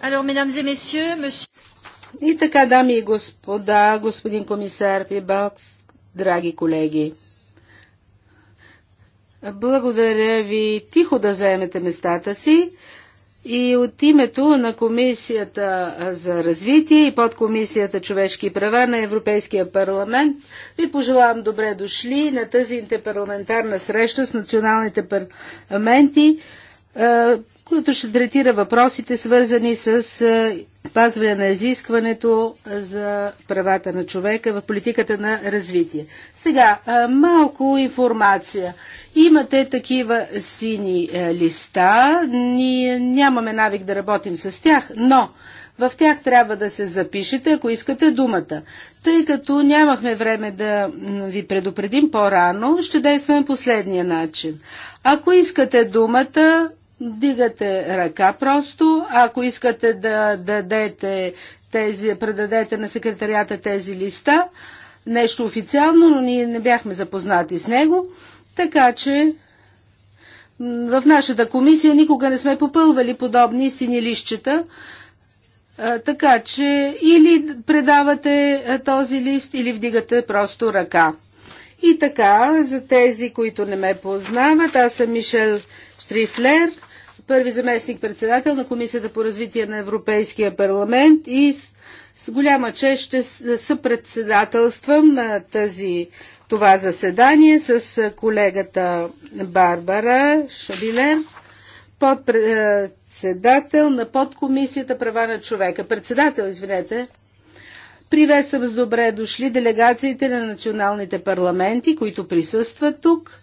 Alors, mesdames et messieurs, monsieur... И така, дами и господа, господин комисар Пибалкс, драги колеги. Благодаря ви тихо да заемете местата си и от името на Комисията за развитие и подкомисията човешки права на Европейския парламент ви пожелавам добре дошли на тази интерпарламентарна среща с националните парламенти е, което ще третира въпросите, свързани с пазване на изискването за правата на човека в политиката на развитие. Сега, малко информация. Имате такива сини листа. Ние нямаме навик да работим с тях, но в тях трябва да се запишете, ако искате думата. Тъй като нямахме време да ви предупредим по-рано, ще действаме последния начин. Ако искате думата, Дигате ръка просто. Ако искате да дадете тези, предадете на секретарията тези листа, нещо официално, но ние не бяхме запознати с него, така че в нашата комисия никога не сме попълвали подобни сини листчета. така че или предавате този лист, или вдигате просто ръка. И така, за тези, които не ме познават, аз съм Мишел Штрифлер – първи заместник председател на Комисията по развитие на Европейския парламент и с, с голяма чест ще съпредседателствам на тази това заседание с колегата Барбара Шабилер, подпредседател на подкомисията права на човека. Председател, извинете. Привесвам с добре дошли делегациите на националните парламенти, които присъстват тук –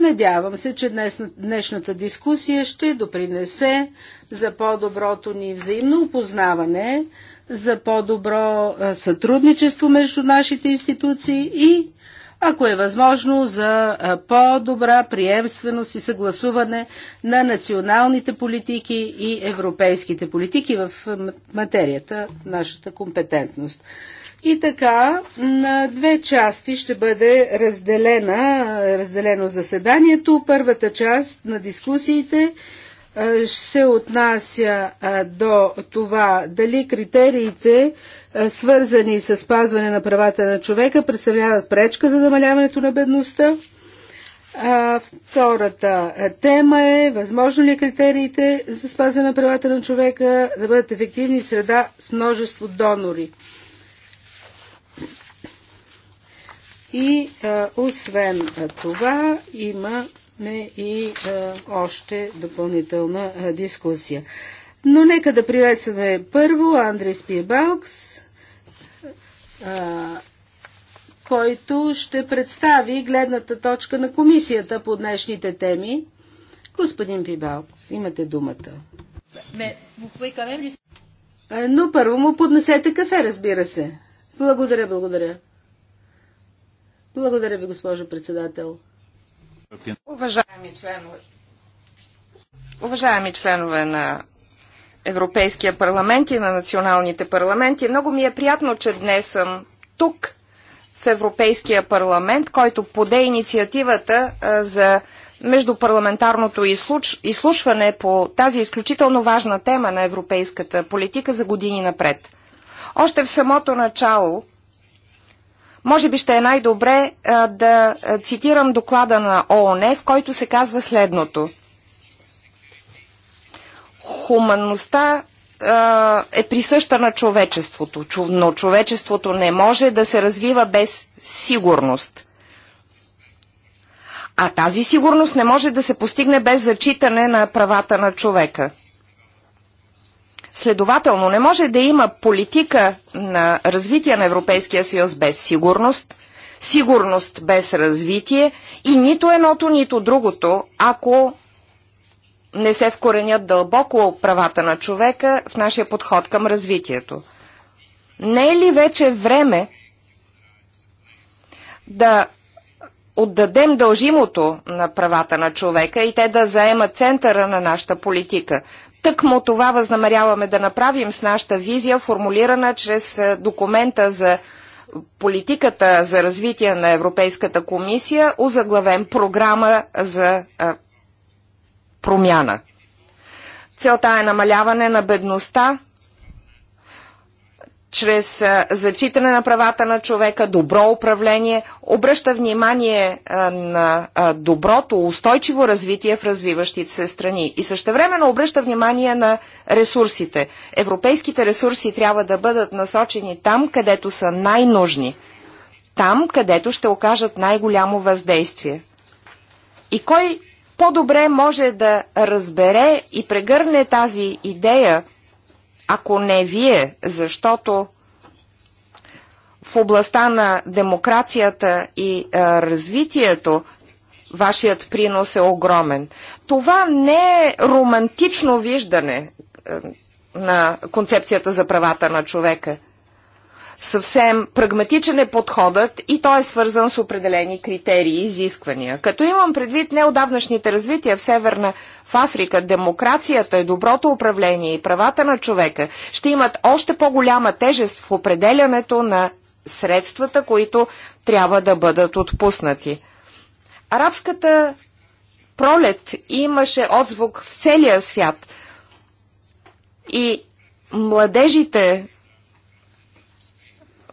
Надявам се, че днес, днешната дискусия ще допринесе за по-доброто ни взаимно опознаване, за по-добро сътрудничество между нашите институции и, ако е възможно, за по-добра приемственост и съгласуване на националните политики и европейските политики в материята, нашата компетентност. И така на две части ще бъде разделена, разделено заседанието. Първата част на дискусиите се отнася до това дали критериите, свързани с спазване на правата на човека, представляват пречка за намаляването на бедността. А, втората тема е възможно ли критериите за спазване на правата на човека да бъдат ефективни среда с множество донори. И а, е, освен това имаме и а, е, още допълнителна а, е, дискусия. Но нека да приветстваме първо Андрес Спиебалкс, който ще представи гледната точка на комисията по днешните теми. Господин Пибалкс, имате думата. Но първо му поднесете кафе, разбира се. Благодаря, благодаря. Благодаря ви, госпожо председател. Уважаеми членове, уважаеми членове на Европейския парламент и на националните парламенти, много ми е приятно, че днес съм тук в Европейския парламент, който поде инициативата за междупарламентарното изслушване по тази изключително важна тема на европейската политика за години напред. Още в самото начало може би ще е най-добре да цитирам доклада на ООН, в който се казва следното. Хуманността е присъща на човечеството, но човечеството не може да се развива без сигурност. А тази сигурност не може да се постигне без зачитане на правата на човека. Следователно, не може да има политика на развитие на Европейския съюз без сигурност, сигурност без развитие и нито едното, нито другото, ако не се вкоренят дълбоко правата на човека в нашия подход към развитието. Не е ли вече време да отдадем дължимото на правата на човека и те да заемат центъра на нашата политика – Тъкмо това възнамеряваме да направим с нашата визия, формулирана чрез е, документа за политиката за развитие на Европейската комисия, озаглавен програма за е, промяна. Целта е намаляване на бедността чрез зачитане на правата на човека, добро управление, обръща внимание на доброто, устойчиво развитие в развиващите се страни и същевременно обръща внимание на ресурсите. Европейските ресурси трябва да бъдат насочени там, където са най-нужни, там, където ще окажат най-голямо въздействие. И кой по-добре може да разбере и прегърне тази идея – ако не вие, защото в областта на демокрацията и а, развитието вашият принос е огромен. Това не е романтично виждане а, на концепцията за правата на човека. Съвсем прагматичен е подходът и той е свързан с определени критерии и изисквания. Като имам предвид неодавнашните развития в Северна в Африка, демокрацията и доброто управление и правата на човека ще имат още по-голяма тежест в определянето на средствата, които трябва да бъдат отпуснати. Арабската пролет имаше отзвук в целия свят и младежите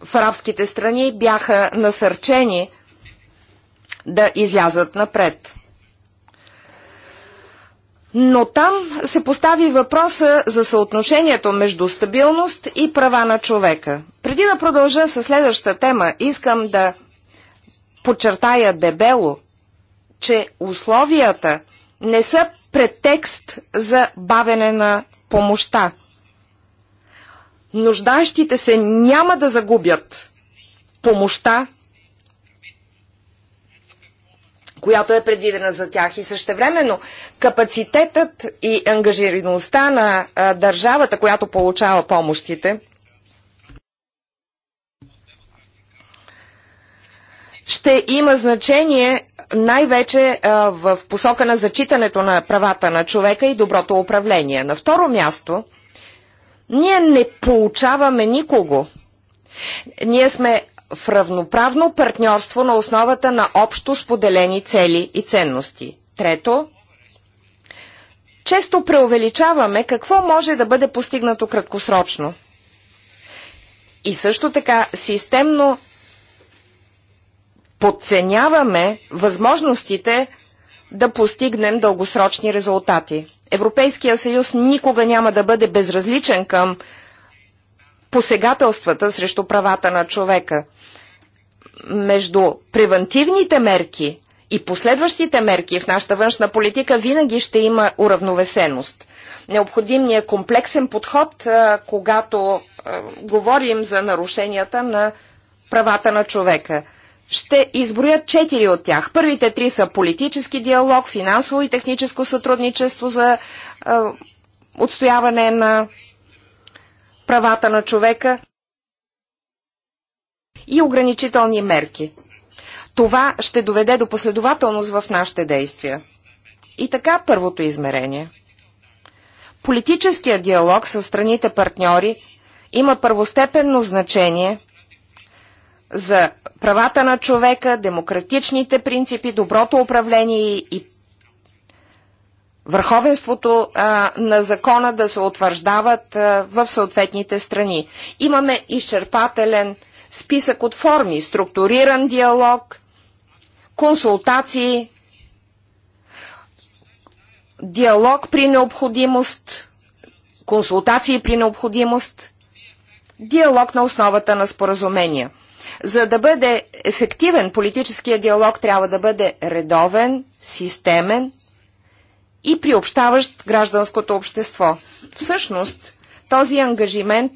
в арабските страни бяха насърчени да излязат напред. Но там се постави въпроса за съотношението между стабилност и права на човека. Преди да продължа с следващата тема, искам да подчертая дебело, че условията не са претекст за бавене на помощта нуждаещите се няма да загубят помощта, която е предвидена за тях. И същевременно капацитетът и ангажираността на а, държавата, която получава помощите, ще има значение най-вече в посока на зачитането на правата на човека и доброто управление. На второ място – ние не получаваме никого. Ние сме в равноправно партньорство на основата на общо споделени цели и ценности. Трето, често преувеличаваме какво може да бъде постигнато краткосрочно. И също така системно подценяваме възможностите да постигнем дългосрочни резултати. Европейския съюз никога няма да бъде безразличен към посегателствата срещу правата на човека. Между превентивните мерки и последващите мерки в нашата външна политика винаги ще има уравновесеност. Необходимният комплексен подход, когато говорим за нарушенията на правата на човека. Ще изброя четири от тях. Първите три са политически диалог, финансово и техническо сътрудничество за е, отстояване на правата на човека и ограничителни мерки. Това ще доведе до последователност в нашите действия. И така първото измерение. Политическият диалог с страните партньори има първостепенно значение – за правата на човека, демократичните принципи, доброто управление и върховенството а, на закона да се утвърждават а, в съответните страни. Имаме изчерпателен списък от форми, структуриран диалог, консултации, диалог при необходимост, консултации при необходимост, диалог на основата на споразумения – за да бъде ефективен, политическия диалог трябва да бъде редовен, системен и приобщаващ гражданското общество. Всъщност, този ангажимент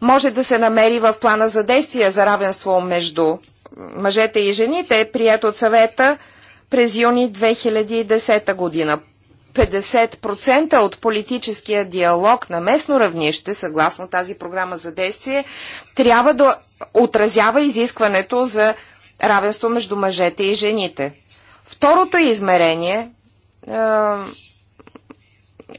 може да се намери в плана за действие за равенство между мъжете и жените, прият от съвета през юни 2010 година. 50% от политическия диалог на местно равнище, съгласно тази програма за действие, трябва да отразява изискването за равенство между мъжете и жените. Второто измерение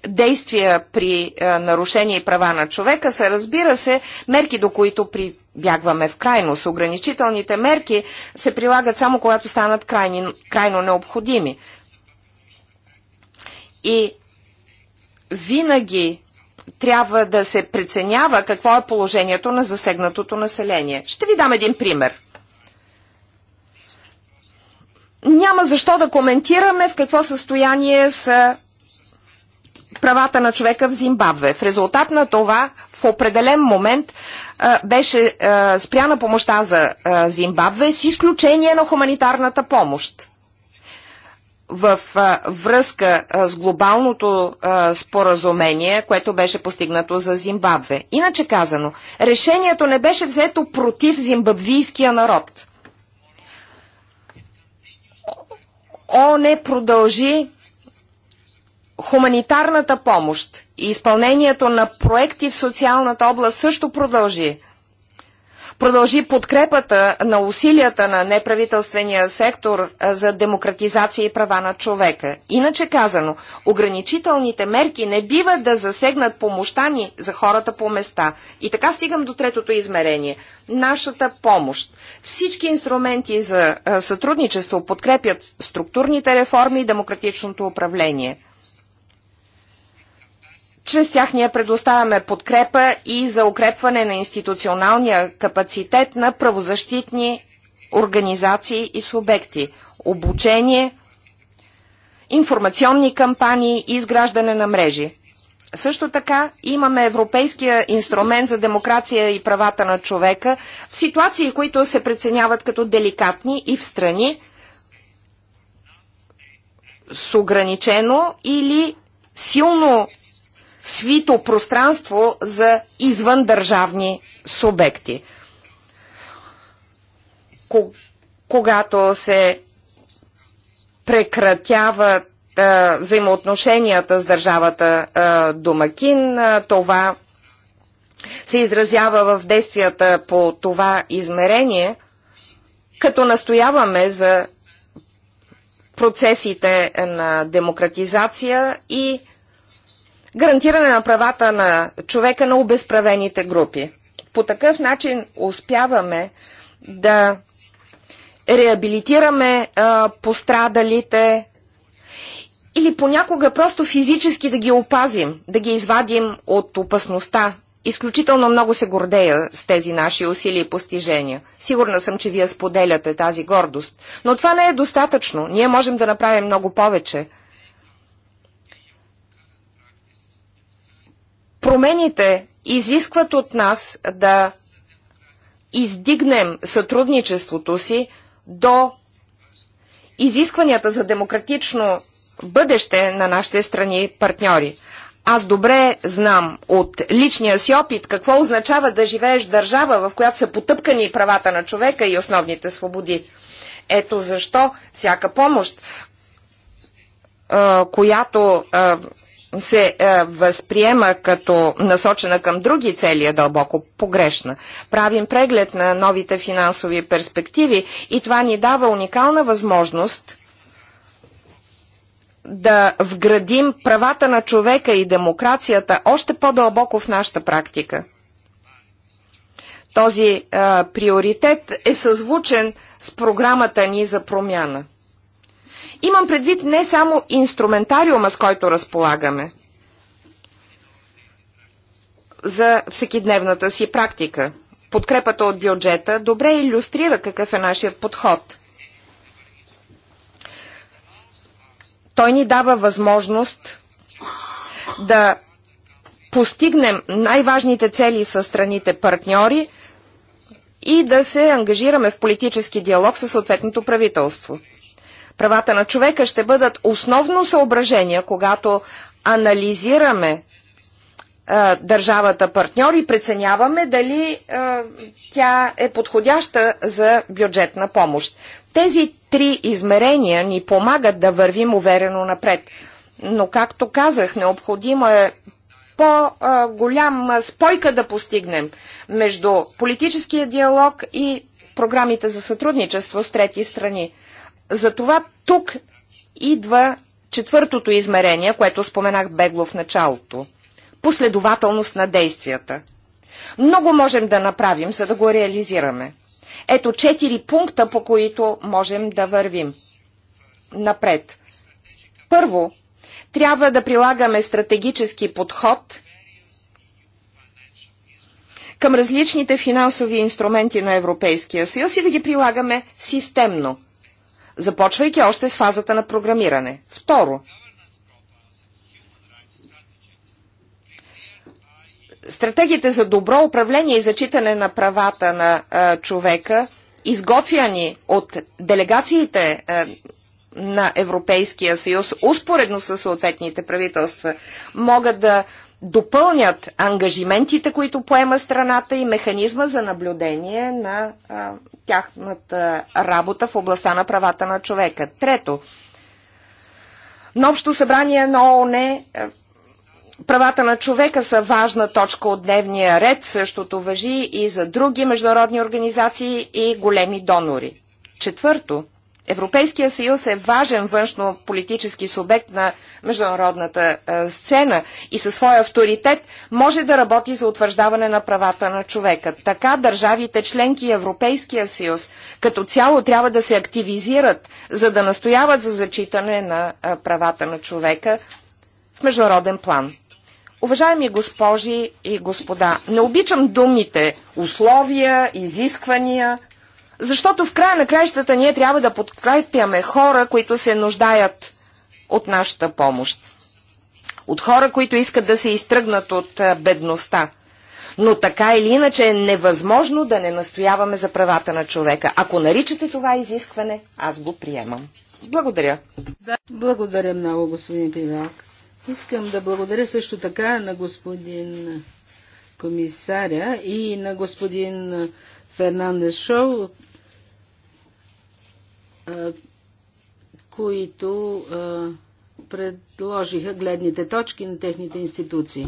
действия при нарушение и права на човека са, разбира се, мерки, до които прибягваме в крайност. Ограничителните мерки се прилагат само когато станат крайни, крайно необходими. И винаги трябва да се преценява какво е положението на засегнатото население. Ще ви дам един пример. Няма защо да коментираме в какво състояние са правата на човека в Зимбабве. В резултат на това в определен момент а, беше а, спряна помощта за а, Зимбабве с изключение на хуманитарната помощ в връзка с глобалното споразумение, което беше постигнато за Зимбабве. Иначе казано, решението не беше взето против зимбабвийския народ. О, не продължи хуманитарната помощ и изпълнението на проекти в социалната област също продължи продължи подкрепата на усилията на неправителствения сектор за демократизация и права на човека. Иначе казано, ограничителните мерки не бива да засегнат помощта ни за хората по места. И така стигам до третото измерение – нашата помощ. Всички инструменти за сътрудничество подкрепят структурните реформи и демократичното управление – чрез тях ние предоставяме подкрепа и за укрепване на институционалния капацитет на правозащитни организации и субекти, обучение, информационни кампании и изграждане на мрежи. Също така имаме Европейския инструмент за демокрация и правата на човека в ситуации, които се преценяват като деликатни и в страни с ограничено или силно свито пространство за извъндържавни субекти. Когато се прекратяват а, взаимоотношенията с държавата а, домакин, а, това се изразява в действията по това измерение, като настояваме за процесите на демократизация и гарантиране на правата на човека на обезправените групи. По такъв начин успяваме да реабилитираме а, пострадалите или понякога просто физически да ги опазим, да ги извадим от опасността. Изключително много се гордея с тези наши усилия и постижения. Сигурна съм, че вие споделяте тази гордост. Но това не е достатъчно. Ние можем да направим много повече – Промените изискват от нас да издигнем сътрудничеството си до изискванията за демократично бъдеще на нашите страни партньори. Аз добре знам от личния си опит какво означава да живееш в държава, в която са потъпкани правата на човека и основните свободи. Ето защо всяка помощ, която се е, възприема като насочена към други цели е дълбоко погрешна. Правим преглед на новите финансови перспективи и това ни дава уникална възможност да вградим правата на човека и демокрацията още по-дълбоко в нашата практика. Този а, е, приоритет е съзвучен с програмата ни за промяна. Имам предвид не само инструментариума, с който разполагаме за всекидневната си практика. Подкрепата от бюджета добре иллюстрира какъв е нашият подход. Той ни дава възможност да постигнем най-важните цели с страните партньори и да се ангажираме в политически диалог със съответното правителство правата на човека ще бъдат основно съображение, когато анализираме а, държавата партньор и преценяваме дали а, тя е подходяща за бюджетна помощ. Тези три измерения ни помагат да вървим уверено напред. Но, както казах, необходимо е по-голям спойка да постигнем между политическия диалог и програмите за сътрудничество с трети страни. Затова тук идва четвъртото измерение, което споменах бегло в началото. Последователност на действията. Много можем да направим, за да го реализираме. Ето четири пункта, по които можем да вървим. Напред. Първо, трябва да прилагаме стратегически подход към различните финансови инструменти на Европейския съюз и да ги прилагаме системно – започвайки още с фазата на програмиране. Второ, стратегиите за добро управление и зачитане на правата на а, човека, изготвяни от делегациите а, на Европейския съюз, успоредно с съответните правителства, могат да допълнят ангажиментите, които поема страната и механизма за наблюдение на а, тяхната работа в областта на правата на човека. Трето, на Общо събрание на ООН е, правата на човека са важна точка от дневния ред. Същото въжи и за други международни организации и големи донори. Четвърто, Европейския съюз е важен външно-политически субект на международната е, сцена и със своя авторитет може да работи за утвърждаване на правата на човека. Така държавите членки Европейския съюз като цяло трябва да се активизират, за да настояват за зачитане на е, правата на човека в международен план. Уважаеми госпожи и господа, не обичам думите условия, изисквания, защото в края на краищата ние трябва да подкрепяме хора, които се нуждаят от нашата помощ. От хора, които искат да се изтръгнат от бедността. Но така или иначе е невъзможно да не настояваме за правата на човека. Ако наричате това изискване, аз го приемам. Благодаря. Благодаря много, господин Пивакс. Искам да благодаря също така на господин комисаря и на господин Фернандес Шоу, които предложиха гледните точки на техните институции.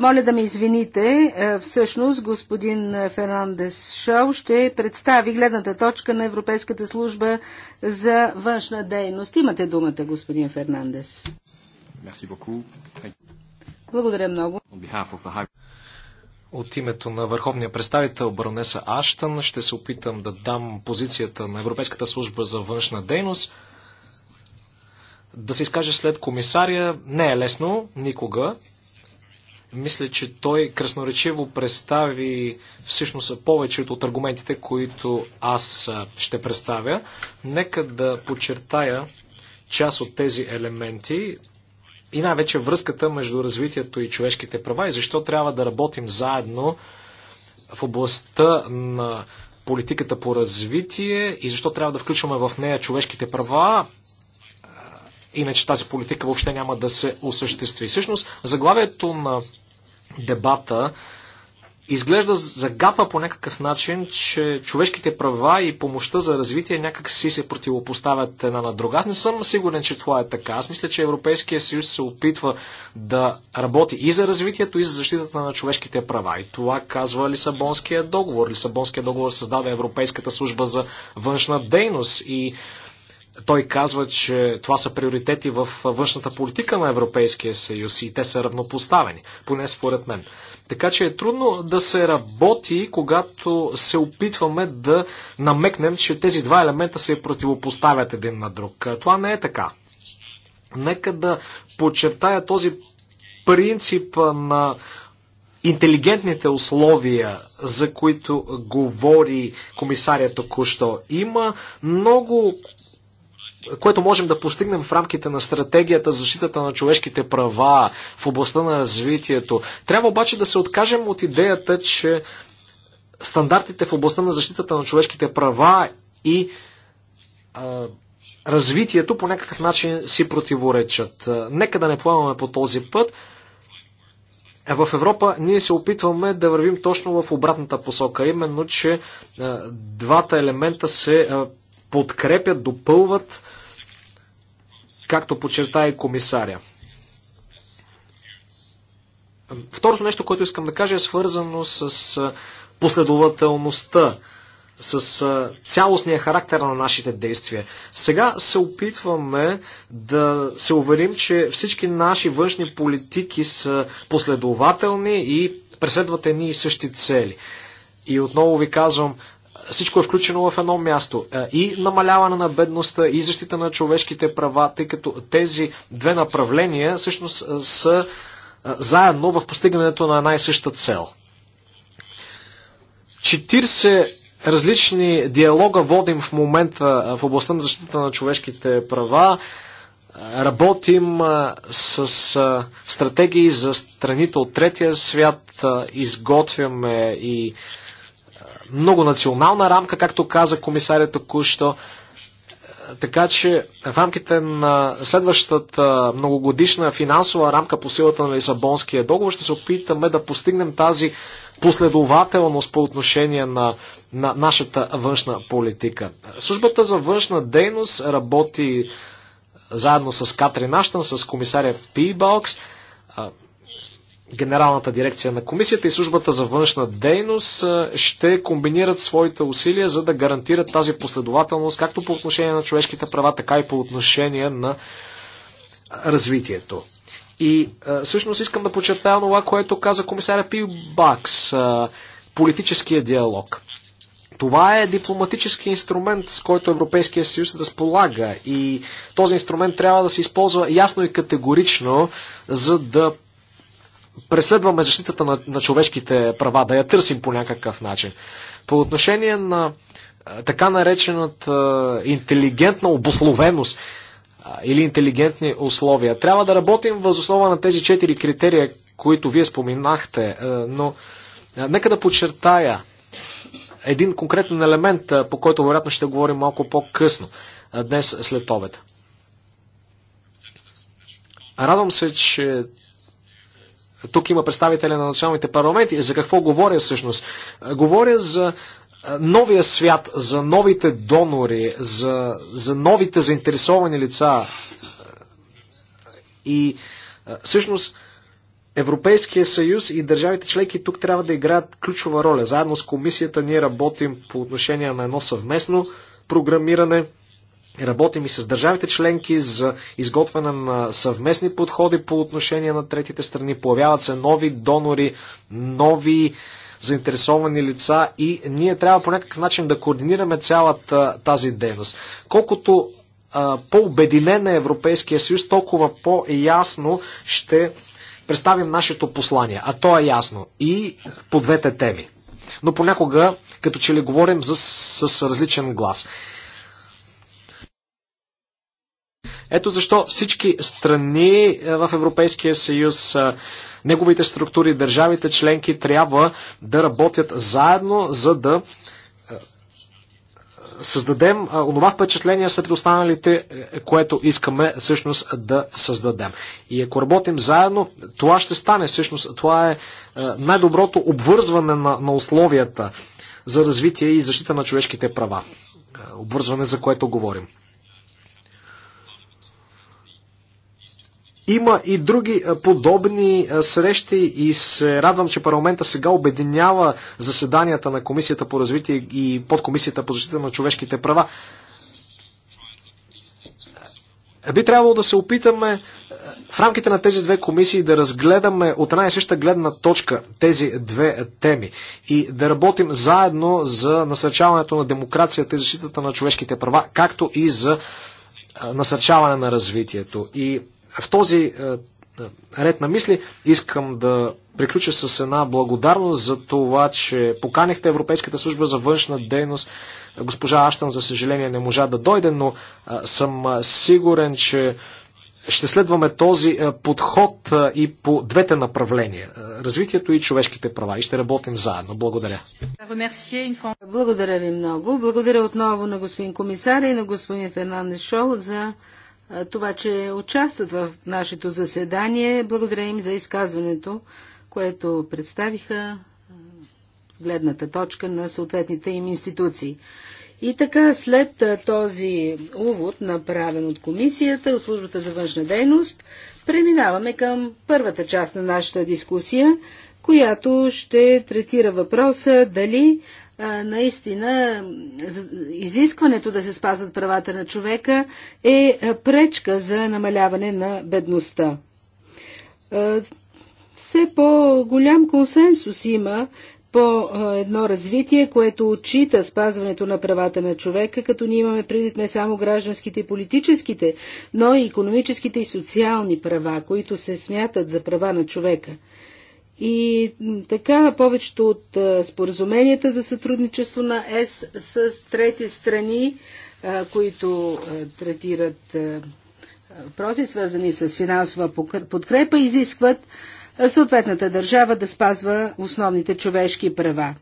Моля да ме извините, всъщност господин Фернандес Шоу ще представи гледната точка на Европейската служба за външна дейност. Имате думата, господин Фернандес. Благодаря много. От името на върховния представител баронеса Аштън ще се опитам да дам позицията на Европейската служба за външна дейност. Да се изкаже след комисария не е лесно никога. Мисля, че той красноречиво представи всъщност повечето от аргументите, които аз ще представя. Нека да подчертая част от тези елементи, и най-вече връзката между развитието и човешките права и защо трябва да работим заедно в областта на политиката по развитие и защо трябва да включваме в нея човешките права, иначе тази политика въобще няма да се осъществи. Всъщност, заглавието на дебата изглежда загапа по някакъв начин, че човешките права и помощта за развитие някак си се противопоставят една на друга. Аз не съм сигурен, че това е така. Аз мисля, че Европейския съюз се опитва да работи и за развитието, и за защитата на човешките права. И това казва Лисабонския договор. Лисабонския договор създава Европейската служба за външна дейност и той казва, че това са приоритети в външната политика на Европейския съюз и те са равнопоставени, поне според мен. Така че е трудно да се работи, когато се опитваме да намекнем, че тези два елемента се противопоставят един на друг. Това не е така. Нека да подчертая този принцип на интелигентните условия, за които говори комисарят току-що. Има много което можем да постигнем в рамките на стратегията за защитата на човешките права в областта на развитието. Трябва обаче да се откажем от идеята, че стандартите в областта на защитата на човешките права и а, развитието по някакъв начин си противоречат. Нека да не плаваме по този път. Е, в Европа ние се опитваме да вървим точно в обратната посока, именно, че а, двата елемента се а, подкрепят, допълват както подчерта и комисаря. Второто нещо, което искам да кажа е свързано с последователността, с цялостния характер на нашите действия. Сега се опитваме да се уверим, че всички наши външни политики са последователни и преследват едни и същи цели. И отново ви казвам, всичко е включено в едно място. Е, и намаляване на бедността, и защита на човешките права, тъй като тези две направления всъщност е, са е, заедно в постигането на една и съща цел. 40 различни диалога водим в момента в областта на защита на човешките права. Работим с стратегии за страните от третия свят, изготвяме и много национална рамка, както каза комисарят току-що. Така че в рамките на следващата многогодишна финансова рамка по силата на Лисабонския договор ще се опитаме да постигнем тази последователност по отношение на, на нашата външна политика. Службата за външна дейност работи заедно с Катрин Наштан, с комисаря Пибалкс. Генералната дирекция на комисията и службата за външна дейност ще комбинират своите усилия, за да гарантират тази последователност както по отношение на човешките права, така и по отношение на развитието. И всъщност искам да подчертая това, което каза комисаря Пил Бакс, политическия диалог. Това е дипломатически инструмент, с който Европейския съюз да сполага и този инструмент трябва да се използва ясно и категорично, за да преследваме защитата на, на човешките права, да я търсим по някакъв начин. По отношение на така наречената интелигентна обословеност или интелигентни условия, трябва да работим възоснова на тези четири критерия, които вие споменахте, но нека да подчертая един конкретен елемент, по който вероятно ще говорим малко по-късно днес след обед. Радвам се, че тук има представители на националните парламенти. За какво говоря всъщност? Говоря за новия свят, за новите донори, за, за новите заинтересовани лица. И всъщност Европейския съюз и държавите членки тук трябва да играят ключова роля. Заедно с комисията ние работим по отношение на едно съвместно програмиране. Работим и с държавите членки за изготвяне на съвместни подходи по отношение на третите страни. Появяват се нови донори, нови заинтересовани лица и ние трябва по някакъв начин да координираме цялата тази дейност. Колкото по-обединен е Европейския съюз, толкова по-ясно ще представим нашето послание. А то е ясно. И по двете теми. Но понякога, като че ли говорим за, с, с различен глас. Ето защо всички страни е, в Европейския съюз, е, неговите структури, държавите членки трябва да работят заедно, за да е, създадем онова впечатление сред останалите, което искаме всъщност да създадем. И ако работим заедно, това ще стане всъщност. Това е най-доброто обвързване на, на условията за развитие и защита на човешките права. Обвързване, за което говорим. Има и други е, подобни е, срещи и се радвам, че парламента сега обединява заседанията на Комисията по развитие и подкомисията по защита на човешките права. Е, би трябвало да се опитаме в рамките на тези две комисии да разгледаме от една и съща гледна точка тези две теми и да работим заедно за насърчаването на демокрацията и защитата на човешките права, както и за насърчаване на развитието. И в този е, е, ред на мисли искам да приключа с една благодарност за това, че поканихте Европейската служба за външна дейност. Госпожа Аштан, за съжаление, не можа да дойде, но е, съм сигурен, че ще следваме този подход и по двете направления развитието и човешките права. И ще работим заедно. Благодаря. Благодаря ви много. Благодаря отново на господин комисар и на господин Фернандес Шоу за това, че участват в нашето заседание. Благодаря им за изказването, което представиха с гледната точка на съответните им институции. И така, след този увод, направен от комисията, от службата за външна дейност, преминаваме към първата част на нашата дискусия, която ще третира въпроса дали наистина изискването да се спазват правата на човека е, е пречка за намаляване на бедността. Все по-голям консенсус има по едно развитие, което отчита спазването на правата на човека, като ние имаме предвид не само гражданските и политическите, но и економическите и социални права, които се смятат за права на човека – и така повечето от споразуменията за сътрудничество на ЕС с трети страни, които третират въпроси, свързани с финансова подкрепа, изискват съответната държава да спазва основните човешки права.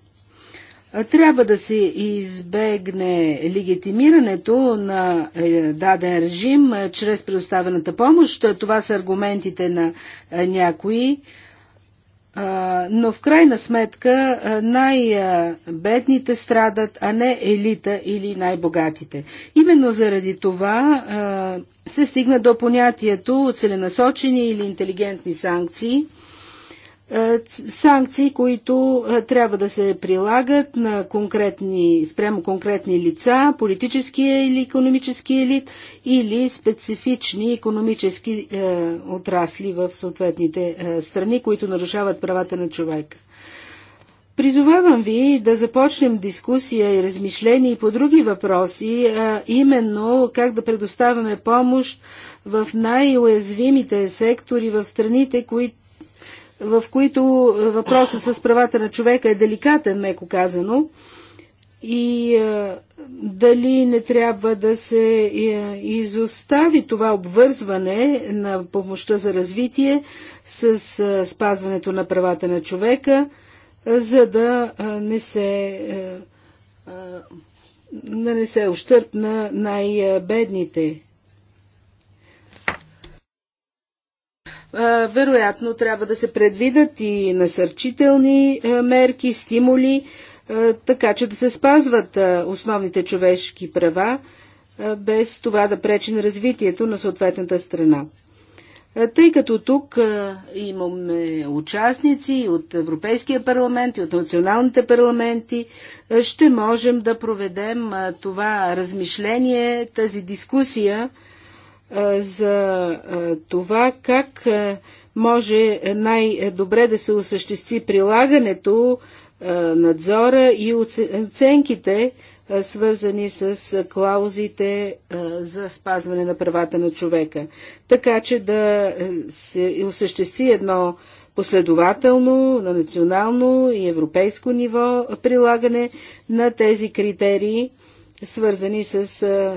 Трябва да се избегне легитимирането на е, даден режим чрез предоставената помощ. Това са аргументите на някои но в крайна сметка най-бедните страдат, а не елита или най-богатите. Именно заради това се стигна до понятието целенасочени или интелигентни санкции – е, санкции, които е, трябва да се прилагат на конкретни, спрямо конкретни лица, политическия или економически елит или специфични економически е, отрасли в съответните е, страни, които нарушават правата на човека. Призовавам ви да започнем дискусия и размишление и по други въпроси, а е, именно как да предоставяме помощ в най-уязвимите сектори в страните, които в които въпросът с правата на човека е деликатен, меко казано, и а, е, дали не трябва да се а, е, изостави това обвързване на помощта за развитие с а, е, спазването на правата на човека, а, за да а, не се. А, да не се на най-бедните. Вероятно трябва да се предвидат и насърчителни мерки, стимули, така че да се спазват основните човешки права, без това да пречи на развитието на съответната страна. Тъй като тук имаме участници от Европейския парламент и от националните парламенти, ще можем да проведем това размишление, тази дискусия за това как може най-добре да се осъществи прилагането, надзора и оценките, свързани с клаузите за спазване на правата на човека. Така че да се осъществи едно последователно на национално и европейско ниво прилагане на тези критерии, свързани с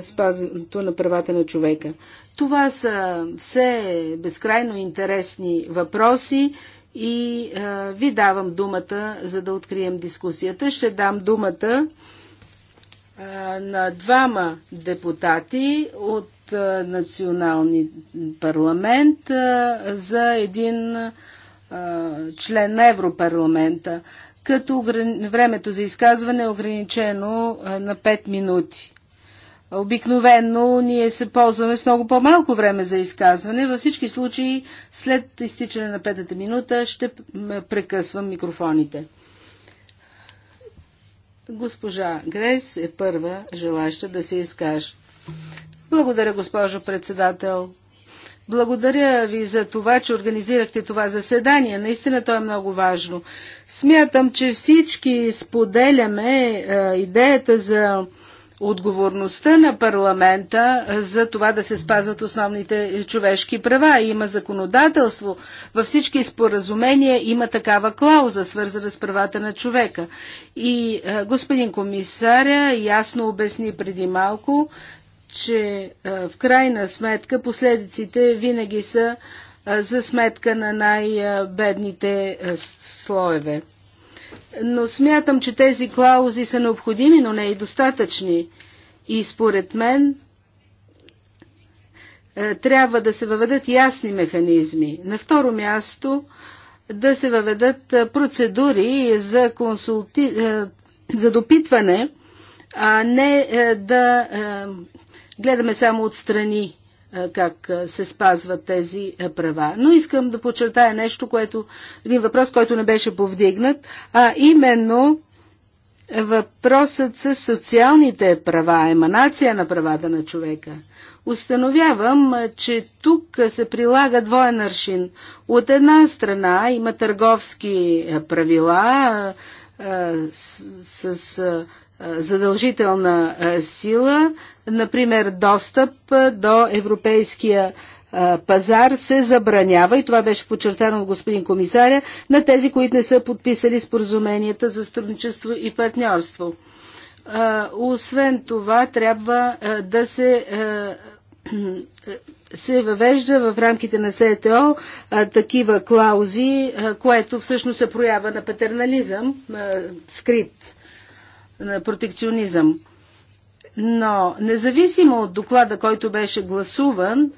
спазването на правата на човека. Това са все безкрайно интересни въпроси и а, е, ви давам думата, за да открием дискусията. Ще дам думата а, е, на двама депутати от а, е, Национални парламент а, за един а, член на Европарламента, като времето за изказване е ограничено а, на 5 минути. Обикновено ние се ползваме с много по-малко време за изказване. Във всички случаи, след изтичане на петата минута, ще прекъсвам микрофоните. Госпожа Грес е първа желаща да се изкаже. Благодаря, госпожо председател. Благодаря ви за това, че организирахте това заседание. Наистина то е много важно. Смятам, че всички споделяме е, идеята за отговорността на парламента за това да се спазват основните човешки права. Има законодателство. Във всички споразумения има такава клауза, свързана с правата на човека. И е, господин комисаря ясно обясни преди малко, че е, в крайна сметка последиците винаги са е, за сметка на най-бедните слоеве. Но смятам, че тези клаузи са необходими, но не и достатъчни. И според мен е, трябва да се въведат ясни механизми. На второ място да се въведат е, процедури за, консулти... Е, за допитване, а не да гледаме само отстрани как се спазват тези права. Но искам да подчертая нещо, което, един въпрос, който не беше повдигнат, а именно въпросът с социалните права, еманация на правата на човека. Установявам, че тук се прилага двоен аршин. От една страна има търговски правила, с, с е, задължителна е, сила, например достъп е, до европейския пазар се забранява, и това беше подчертано от господин комисаря, на тези, които не са подписали споразуменията за сътрудничество и партньорство. Освен това, трябва да се се въвежда в рамките на СТО а, такива клаузи, а, което всъщност се проява на патернализъм, а, скрит протекционизъм. Но независимо от доклада, който беше гласуван,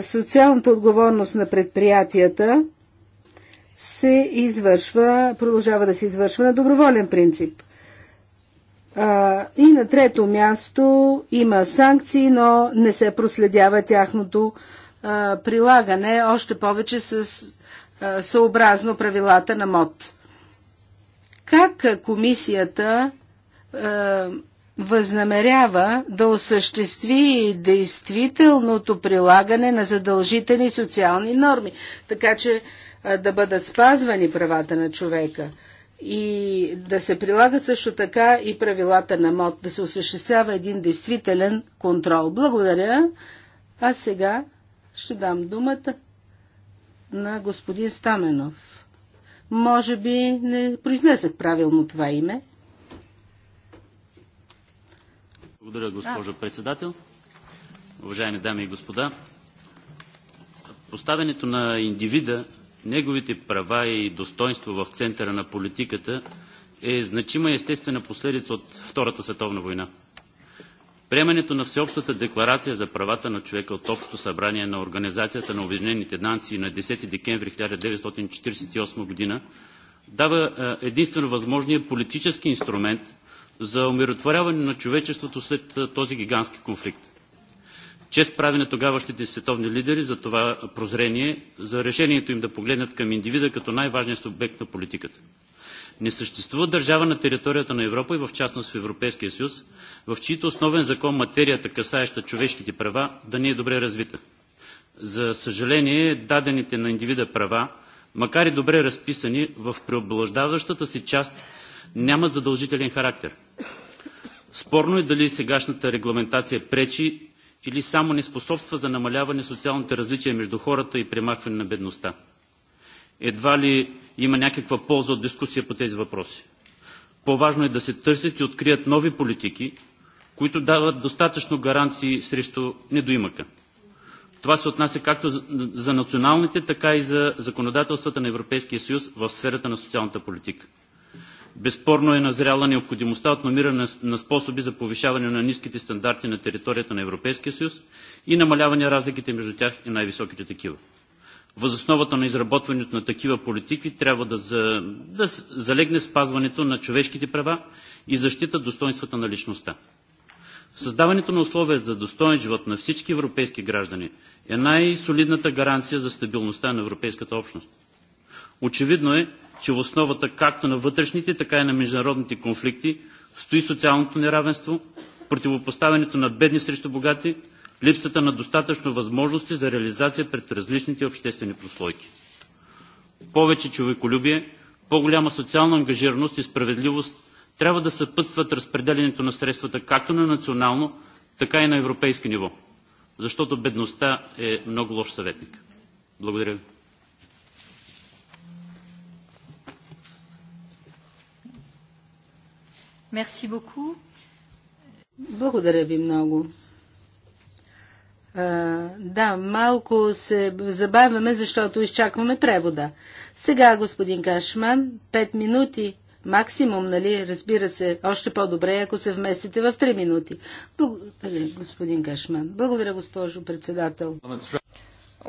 социалната отговорност на предприятията се извършва, продължава да се извършва на доброволен принцип. И на трето място има санкции, но не се проследява тяхното прилагане, още повече с съобразно правилата на МОД. Как комисията е, възнамерява да осъществи действителното прилагане на задължителни социални норми, така че е, да бъдат спазвани правата на човека и да се прилагат също така и правилата на МОД, да се осъществява един действителен контрол. Благодаря. А сега ще дам думата на господин Стаменов. Може би не произнесах правилно това име. Благодаря, госпожо председател. Уважаеми дами и господа, поставянето на индивида, неговите права и достоинство в центъра на политиката е значима и естествена последица от Втората световна война. Приемането на Всеобщата декларация за правата на човека от Общото събрание на Организацията на Обединените нации на 10 декември 1948 г. дава единствено възможния политически инструмент за умиротворяване на човечеството след този гигантски конфликт. Чест прави на тогаващите световни лидери за това прозрение, за решението им да погледнат към индивида като най-важния субект на политиката. Не съществува държава на територията на Европа и в частност в Европейския съюз, в чието основен закон материята, касаеща човешките права, да не е добре развита. За съжаление, дадените на индивида права, макар и добре разписани, в преобладаващата си част нямат задължителен характер. Спорно е дали сегашната регламентация пречи или само не способства за намаляване социалните различия между хората и премахване на бедността. Едва ли има някаква полза от дискусия по тези въпроси. По-важно е да се търсят и открият нови политики, които дават достатъчно гаранции срещу недоимъка. Това се отнася както за националните, така и за законодателствата на Европейския съюз в сферата на социалната политика. Безспорно е назряла необходимостта от намиране на способи за повишаване на ниските стандарти на територията на Европейския съюз и намаляване разликите между тях и най-високите такива. Въз основата на изработването на такива политики трябва да, за, да залегне спазването на човешките права и защита достоинствата на личността. Създаването на условия за достоен живот на всички европейски граждани е най-солидната гаранция за стабилността на Европейската общност Очевидно е, че в основата както на вътрешните, така и на международните конфликти стои социалното неравенство, противопоставянето на бедни срещу богати, липсата на достатъчно възможности за реализация пред различните обществени прослойки. Повече човеколюбие, по-голяма социална ангажираност и справедливост трябва да съпътстват разпределянето на средствата както на национално, така и на европейски ниво, защото бедността е много лош съветник. Благодаря ви. Merci beaucoup. Благодаря ви много. А, да, малко се забавяме, защото изчакваме превода. Сега, господин Кашман, 5 минути максимум, нали? Разбира се, още по-добре, ако се вместите в 3 минути. Благодаря, господин Кашман. Благодаря, госпожо председател.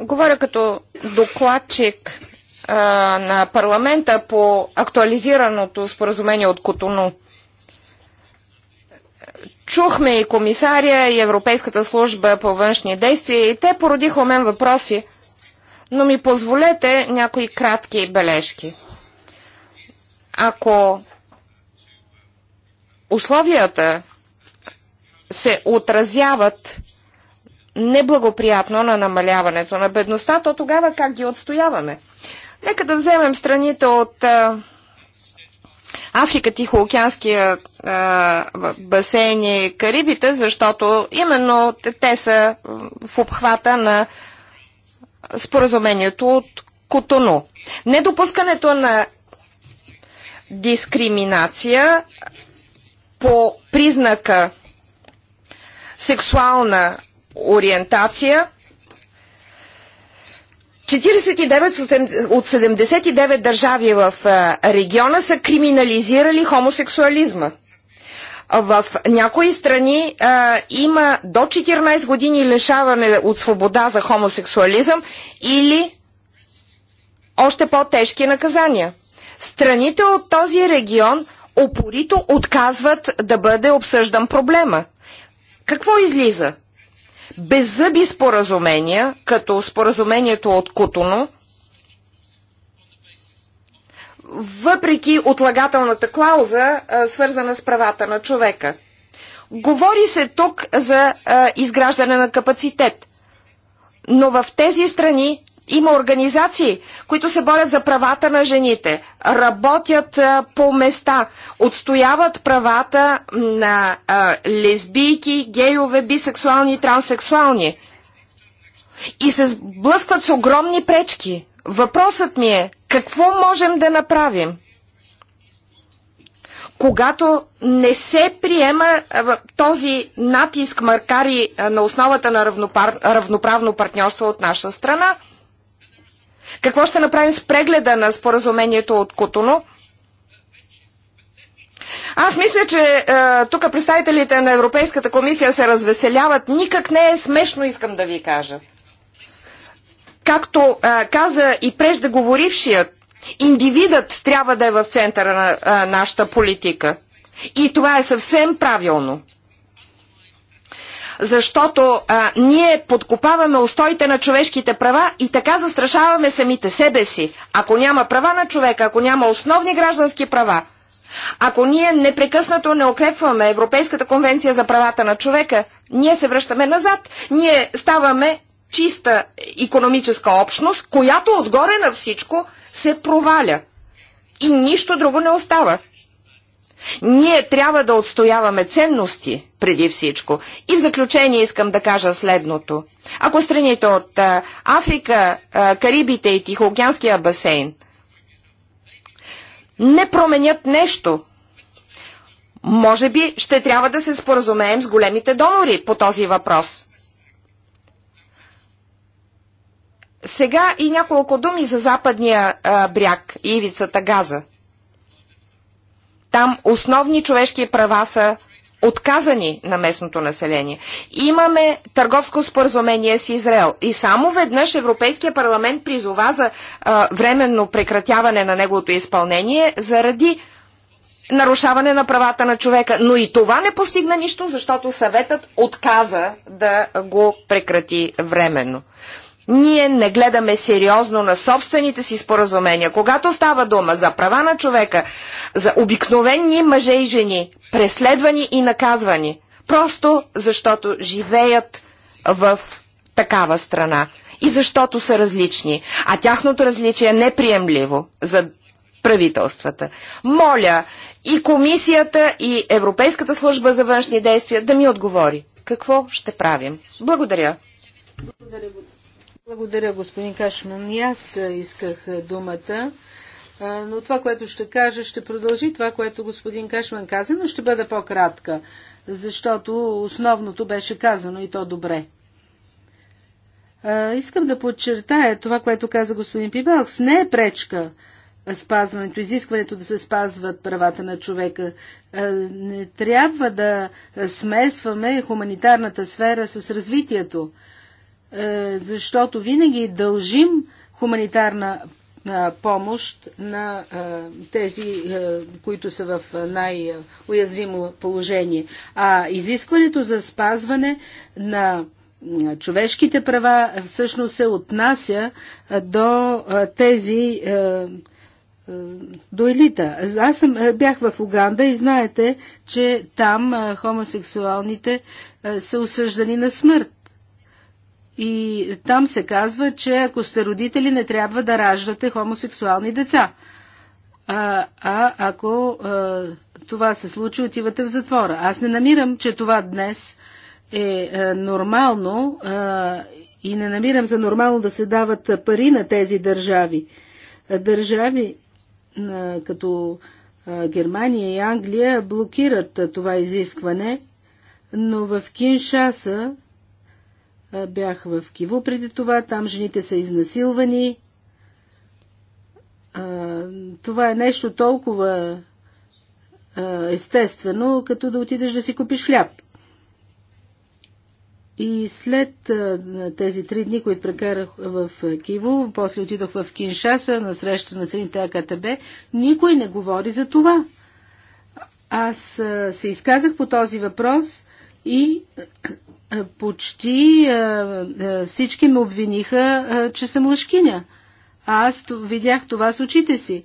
Говоря като докладчик а, на парламента по актуализираното споразумение от Котону. Чухме и комисария, и Европейската служба по външни действия, и те породиха у мен въпроси, но ми позволете някои кратки бележки. Ако условията се отразяват неблагоприятно на намаляването на бедността, то тогава как ги отстояваме? Нека да вземем страните от а, Африка, Тихоокеанския басейн и Карибите, защото именно те са в обхвата на споразумението от Котону. Недопускането на дискриминация по признака сексуална ориентация – 49 от 79 държави в региона са криминализирали хомосексуализма. В някои страни а, има до 14 години лишаване от свобода за хомосексуализъм или още по-тежки наказания. Страните от този регион опорито отказват да бъде обсъждан проблема. Какво излиза? беззъби споразумения, като споразумението от Кутоно, въпреки отлагателната клауза, свързана с правата на човека. Говори се тук за изграждане на капацитет, но в тези страни има организации, които се борят за правата на жените, работят по места, отстояват правата на лесбийки, гейове, бисексуални и транссексуални. И се сблъскват с огромни пречки. Въпросът ми е, какво можем да направим? когато не се приема този натиск, маркари на основата на равнопар... равноправно партньорство от наша страна, какво ще направим с прегледа на споразумението от Котоно? Аз мисля, че е, тук представителите на Европейската комисия се развеселяват. Никак не е смешно, искам да ви кажа. Както е, каза и преждеговорившият, индивидът трябва да е в центъра на е, нашата политика. И това е съвсем правилно защото а, ние подкопаваме устоите на човешките права и така застрашаваме самите себе си. Ако няма права на човека, ако няма основни граждански права, ако ние непрекъснато не укрепваме Европейската конвенция за правата на човека, ние се връщаме назад, ние ставаме чиста економическа общност, която отгоре на всичко се проваля. И нищо друго не остава. Ние трябва да отстояваме ценности преди всичко. И в заключение искам да кажа следното. Ако страните от Африка, Карибите и Тихоокеанския басейн не променят нещо, може би ще трябва да се споразумеем с големите донори по този въпрос. Сега и няколко думи за западния а, бряг и ивицата Газа. Там основни човешки права са отказани на местното население. Имаме търговско споразумение с Израел и само веднъж Европейския парламент призова за а, временно прекратяване на неговото изпълнение заради нарушаване на правата на човека. Но и това не постигна нищо, защото съветът отказа да го прекрати временно ние не гледаме сериозно на собствените си споразумения. Когато става дума за права на човека, за обикновени мъже и жени, преследвани и наказвани, просто защото живеят в такава страна и защото са различни, а тяхното различие е неприемливо за правителствата. Моля и комисията, и Европейската служба за външни действия да ми отговори. Какво ще правим? Благодаря. Благодаря, благодаря, господин Кашман. И аз исках думата. Но това, което ще кажа, ще продължи това, което господин Кашман каза, но ще бъда по-кратка, защото основното беше казано и то добре. Искам да подчертая това, което каза господин Пибалкс. Не е пречка спазването, изискването да се спазват правата на човека. Не трябва да смесваме хуманитарната сфера с развитието. Е, защото винаги дължим хуманитарна е, помощ на е, тези, които са в най-уязвимо положение. А изискването за спазване на човешките права всъщност се отнася до тези до елита. Аз съм, бях в Уганда и знаете, че там хомосексуалните са осъждани на смърт. И там се казва, че ако сте родители, не трябва да раждате хомосексуални деца. А, а ако а, това се случи, отивате в затвора. Аз не намирам, че това днес е а, нормално а, и не намирам за нормално да се дават пари на тези държави. Държави а, като а, Германия и Англия блокират а, това изискване, но в Киншаса Бях в Киво преди това, там жените са изнасилвани. Това е нещо толкова естествено, като да отидеш да си купиш хляб. И след тези три дни, които прекарах в Киво, после отидох в Киншаса на среща на страните АКТБ, никой не говори за това. Аз се изказах по този въпрос и е, почти е, е, всички ме обвиниха, че съм лъжкиня. А аз видях това с очите си.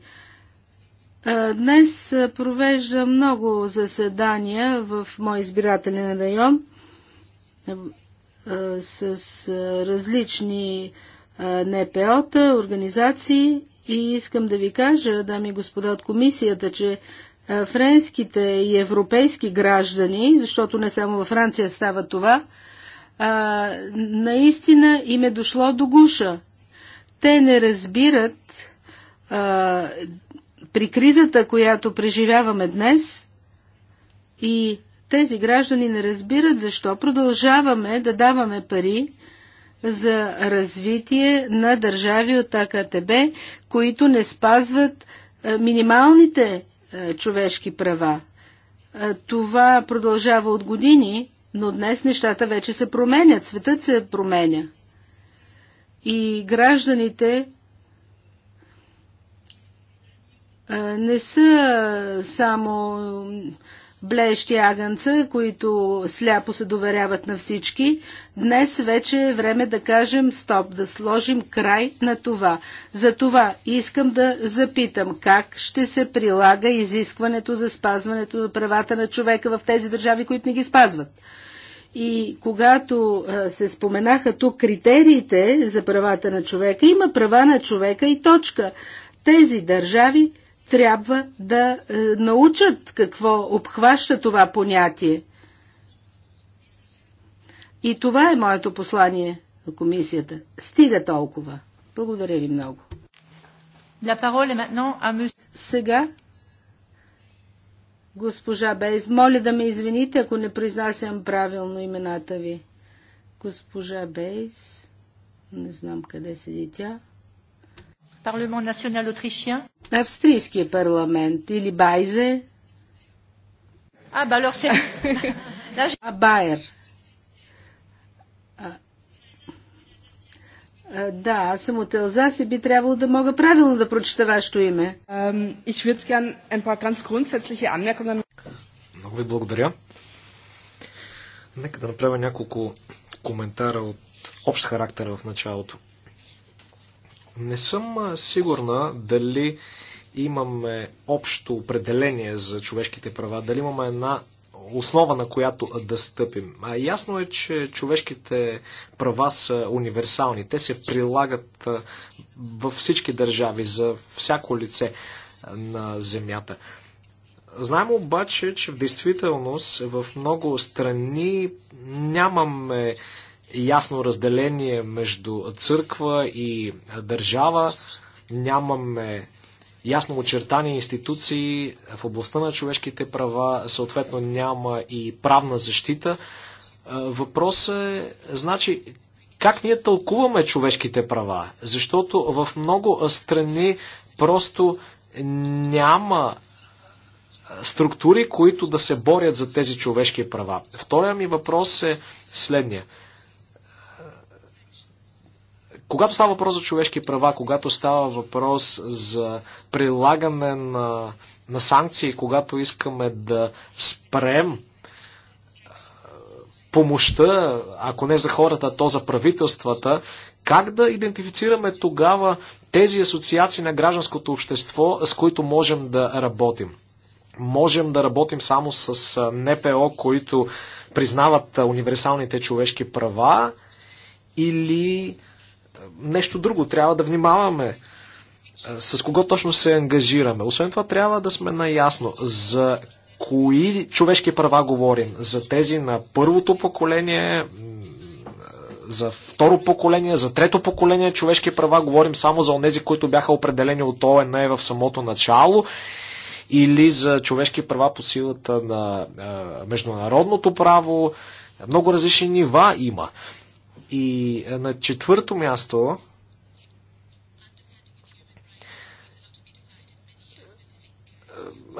Днес провежда много заседания в мой избирателен район с различни НПО-та, организации и искам да ви кажа, дами и господа от комисията, че френските и европейски граждани, защото не само във Франция става това, а, наистина им е дошло до гуша. Те не разбират а, при кризата, която преживяваме днес и тези граждани не разбират защо продължаваме да даваме пари за развитие на държави от АКТБ, които не спазват минималните човешки права. Това продължава от години но днес нещата вече се променят, светът се променя. И гражданите не са само блещи агънца, които сляпо се доверяват на всички. Днес вече е време да кажем стоп, да сложим край на това. За това искам да запитам как ще се прилага изискването за спазването на правата на човека в тези държави, които не ги спазват. И когато се споменаха тук критериите за правата на човека, има права на човека и точка. Тези държави трябва да е, научат какво обхваща това понятие. И това е моето послание на комисията. Стига толкова. Благодаря ви много. Сега Госпожа Бейс, моля да ме извините, ако не произнасям правилно имената ви. Госпожа Бейс, не знам къде седи тя. Парламент национал autrichien. Австрийския парламент или Байзе. А, ба, alors А, Байер. Е, да, аз съм от Елзас и би трябвало да мога правилно да прочета вашето име. Много ви благодаря. Нека да направя няколко коментара от общ характер в началото. Не съм сигурна дали имаме общо определение за човешките права, дали имаме една основа, на която да стъпим. А ясно е, че човешките права са универсални. Те се прилагат във всички държави, за всяко лице на земята. Знаем обаче, че в действителност в много страни нямаме ясно разделение между църква и държава, нямаме ясно очертани институции в областта на човешките права, съответно няма и правна защита. Е, Въпросът е, значи, как ние тълкуваме човешките права? Защото в много страни просто няма структури, които да се борят за тези човешки права. Втория ми въпрос е следния. Когато става въпрос за човешки права, когато става въпрос за прилагане на, на санкции, когато искаме да спрем помощта, ако не за хората, то за правителствата, как да идентифицираме тогава тези асоциации на гражданското общество, с които можем да работим? Можем да работим само с НПО, които признават универсалните човешки права или нещо друго. Трябва да внимаваме е, с кого точно се ангажираме. Освен това, трябва да сме наясно за кои човешки права говорим. За тези на първото поколение, е, за второ поколение, за трето поколение човешки права говорим само за онези, които бяха определени от ОНЕ в самото начало или за човешки права по силата на е, международното право. Много различни нива има. И е, на четвърто място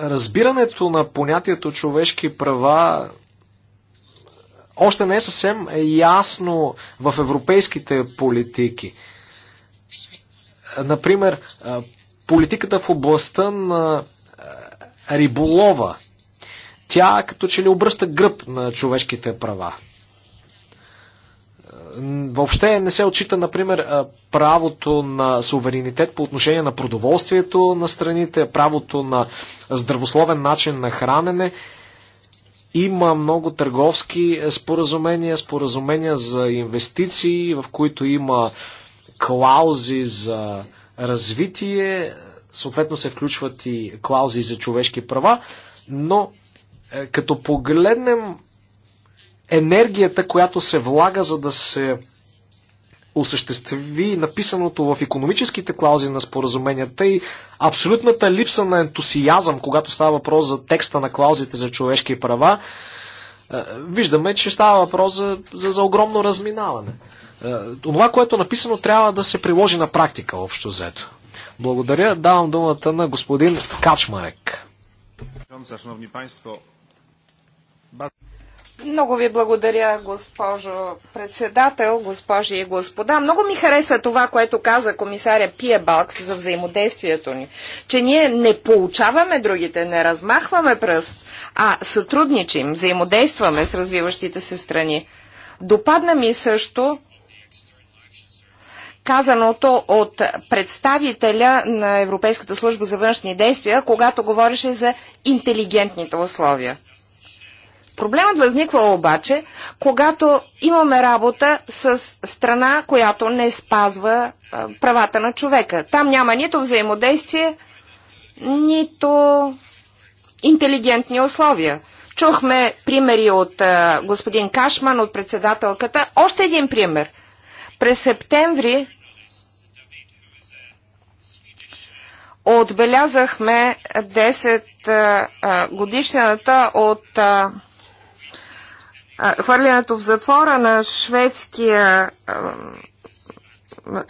е, разбирането на понятието човешки права още не е съвсем е ясно в европейските политики. Например, политиката в областта на риболова. Тя като че ли обръща гръб на човешките права. Въобще не се отчита, например, правото на суверенитет по отношение на продоволствието на страните, правото на здравословен начин на хранене. Има много търговски споразумения, споразумения за инвестиции, в които има клаузи за развитие, съответно се включват и клаузи за човешки права, но е, като погледнем енергията, която се влага, за да се осъществи написаното в економическите клаузи на споразуменията и абсолютната липса на ентусиазъм, когато става въпрос за текста на клаузите за човешки права, е, виждаме, че става въпрос за, за, за огромно разминаване. Това, е, което е написано, трябва да се приложи на практика, общо взето. Благодаря. Давам думата на господин Качмарек. Много ви благодаря, госпожо председател, госпожи и господа. Много ми хареса това, което каза комисаря Пия Балкс за взаимодействието ни. Че ние не получаваме другите, не размахваме пръст, а сътрудничим, взаимодействаме с развиващите се страни. Допадна ми също казаното от представителя на Европейската служба за външни действия, когато говореше за интелигентните условия. Проблемът възниква обаче, когато имаме работа с страна, която не спазва а, правата на човека. Там няма нито взаимодействие, нито интелигентни условия. Чухме примери от а, господин Кашман, от председателката. Още един пример. През септември отбелязахме 10 годишната от а, хвърлянето в затвора на шведския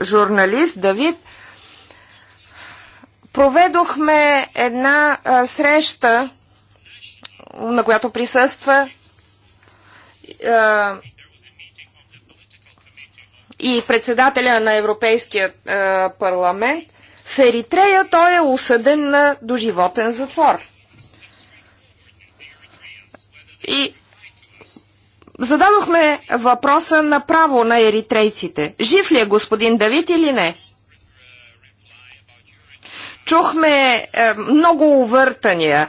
журналист Давид, проведохме една среща, на която присъства и председателя на Европейския парламент. В Еритрея той е осъден на доживотен затвор. И Зададохме въпроса направо на еритрейците. Жив ли е господин Давид или не? Чухме е, много увъртания.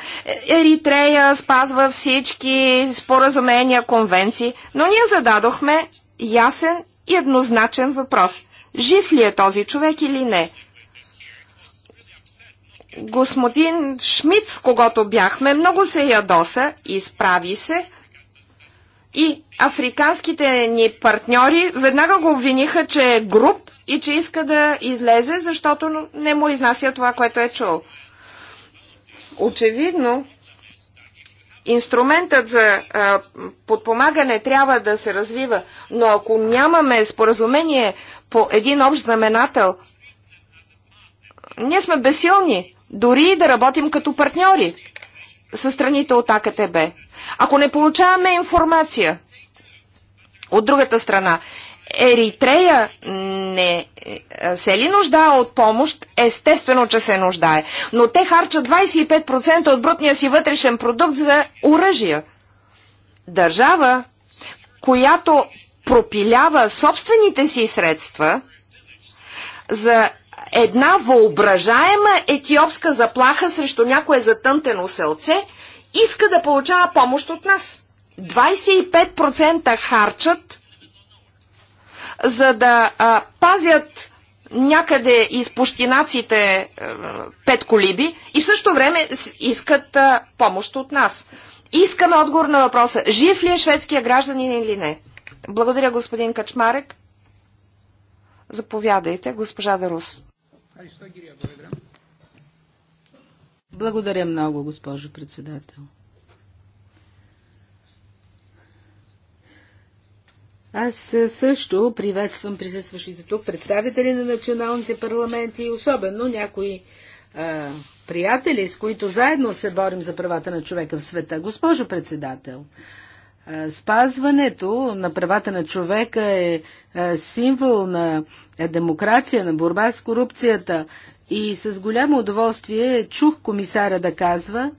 Еритрея спазва всички споразумения, конвенции, но ние зададохме ясен и еднозначен въпрос. Жив ли е този човек или не? Господин Шмиц, когато бяхме, много се ядоса, изправи се и африканските ни партньори веднага го обвиниха, че е груп и че иска да излезе, защото не му изнася това, което е чул. Очевидно, инструментът за а, подпомагане трябва да се развива, но ако нямаме споразумение по един общ знаменател, ние сме безсилни, дори и да работим като партньори със страните от АКТБ. Ако не получаваме информация от другата страна, Еритрея не е, се ли нуждае от помощ? Естествено, че се нуждае. Но те харчат 25% от брутния си вътрешен продукт за оръжия. Държава, която пропилява собствените си средства за една въображаема етиопска заплаха срещу някое затънтено селце, иска да получава помощ от нас. 25% харчат, за да а, пазят някъде из пущинаците е, пет колиби и в същото време искат а, помощ от нас. Искаме отговор на въпроса. Жив ли е шведския гражданин или не? Благодаря, господин Качмарек. Заповядайте, госпожа Дарус. Благодаря много, госпожо председател. Аз също приветствам присъстващите тук представители на националните парламенти и особено някои а, приятели, с които заедно се борим за правата на човека в света. Госпожо председател, Спазването на правата на човека е символ на е, демокрация, на борба с корупцията и с голямо удоволствие чух комисара да казва,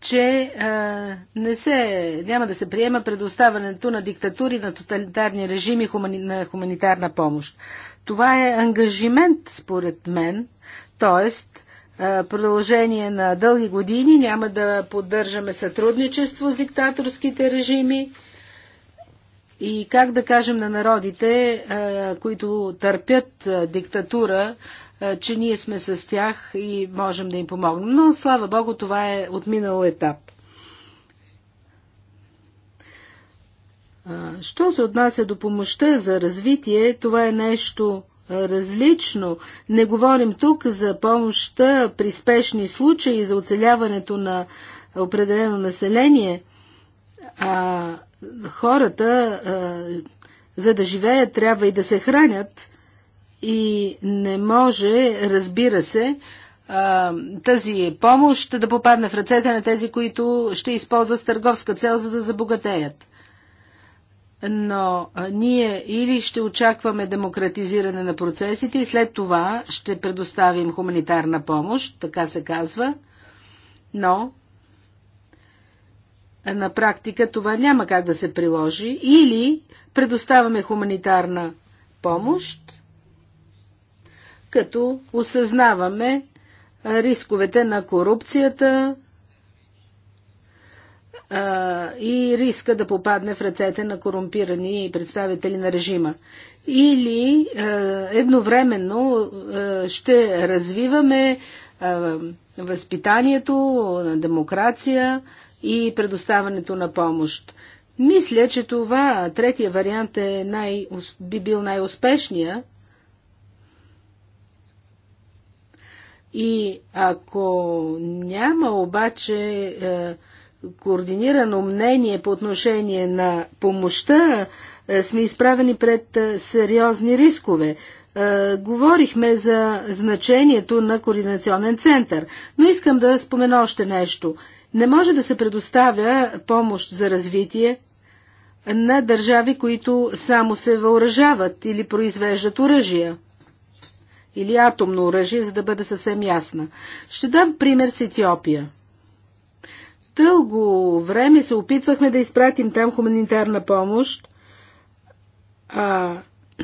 че а, не се, няма да се приема предоставането на диктатури, на тоталитарни режими, хумани, на хуманитарна помощ. Това е ангажимент, според мен, т.е. Е, продължение на дълги години, няма да поддържаме сътрудничество с диктаторските режими и как да кажем на народите, е, които търпят е, диктатура, че ние сме с тях и можем да им помогнем. Но, слава Богу, това е отминал етап. Що се отнася до помощта за развитие, това е нещо, различно. Не говорим тук за помощта при спешни случаи, за оцеляването на определено население, а хората, за да живеят, трябва и да се хранят и не може, разбира се, тази помощ да попадне в ръцете на тези, които ще използват с търговска цел, за да забогатеят но ние или ще очакваме демократизиране на процесите и след това ще предоставим хуманитарна помощ, така се казва, но на практика това няма как да се приложи, или предоставяме хуманитарна помощ, като осъзнаваме рисковете на корупцията, и риска да попадне в ръцете на корумпирани представители на режима. Или едновременно ще развиваме възпитанието на демокрация и предоставането на помощ. Мисля, че това третия вариант е най, би бил най-успешния. И ако няма обаче е, координирано мнение по отношение на помощта, е, сме изправени пред е, сериозни рискове. Е, говорихме за значението на координационен център, но искам да спомена още нещо. Не може да се предоставя помощ за развитие на държави, които само се въоръжават или произвеждат оръжия или атомно оръжие, за да бъда съвсем ясна. Ще дам пример с Етиопия дълго време се опитвахме да изпратим там хуманитарна помощ. А,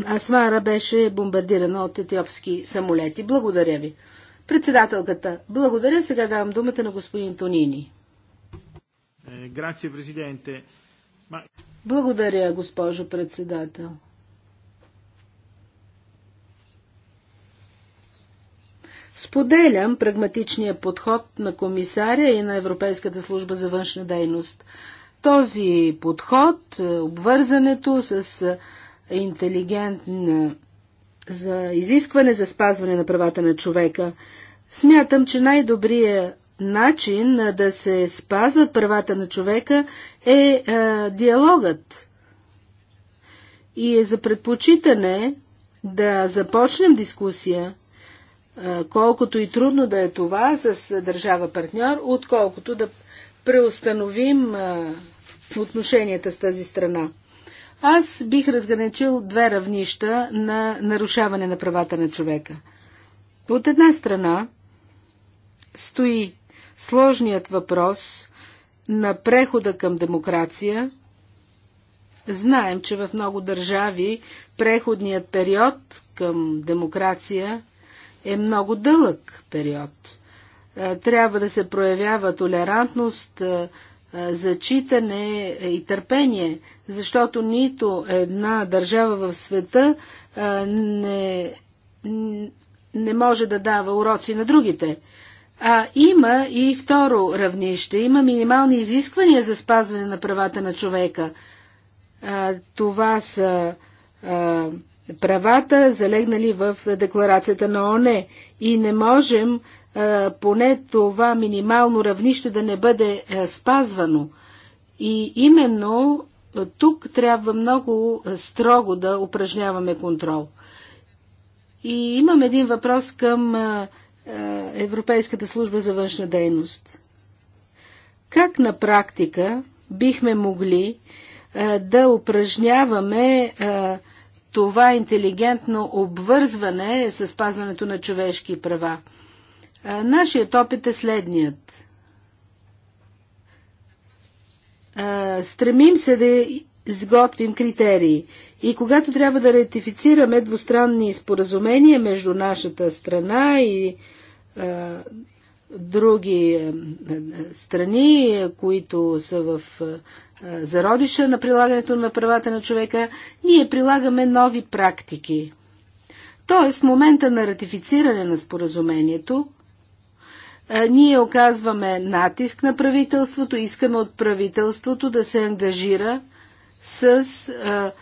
Асмара беше бомбардирана от етиопски самолети. Благодаря ви. Председателката, благодаря. Сега давам думата на господин Тонини. Е, благодаря, госпожо председател. Споделям прагматичния подход на комисаря и на Европейската служба за външна дейност. Този подход, е, обвързането с е, интелигентна за изискване за спазване на правата на човека. Смятам, че най-добрият начин е, да се спазват правата на човека е е, диалогът. И е за предпочитане да започнем дискусия колкото и трудно да е това с държава партньор, отколкото да преустановим отношенията с тази страна. Аз бих разграничил две равнища на нарушаване на правата на човека. От една страна стои сложният въпрос на прехода към демокрация. Знаем, че в много държави преходният период към демокрация е много дълъг период. Е, трябва да се проявява толерантност, е, е, зачитане и търпение, защото нито една държава в света не, не може да дава уроци на другите. А има и второ равнище. Има минимални изисквания за спазване на правата на човека. това са правата, залегнали в декларацията на ОНЕ. И не можем поне това минимално равнище да не бъде спазвано. И именно тук трябва много строго да упражняваме контрол. И имам един въпрос към Европейската служба за външна дейност. Как на практика бихме могли да упражняваме това интелигентно обвързване с спазването на човешки права. Нашият опит е следният. Стремим се да изготвим критерии. И когато трябва да ратифицираме двустранни споразумения между нашата страна и а, други а, страни, които са в е, зародиша на прилагането на правата на човека, ние прилагаме нови практики. Тоест, в момента на ратифициране на споразумението, е, ние оказваме натиск на правителството, искаме от правителството да се ангажира с е,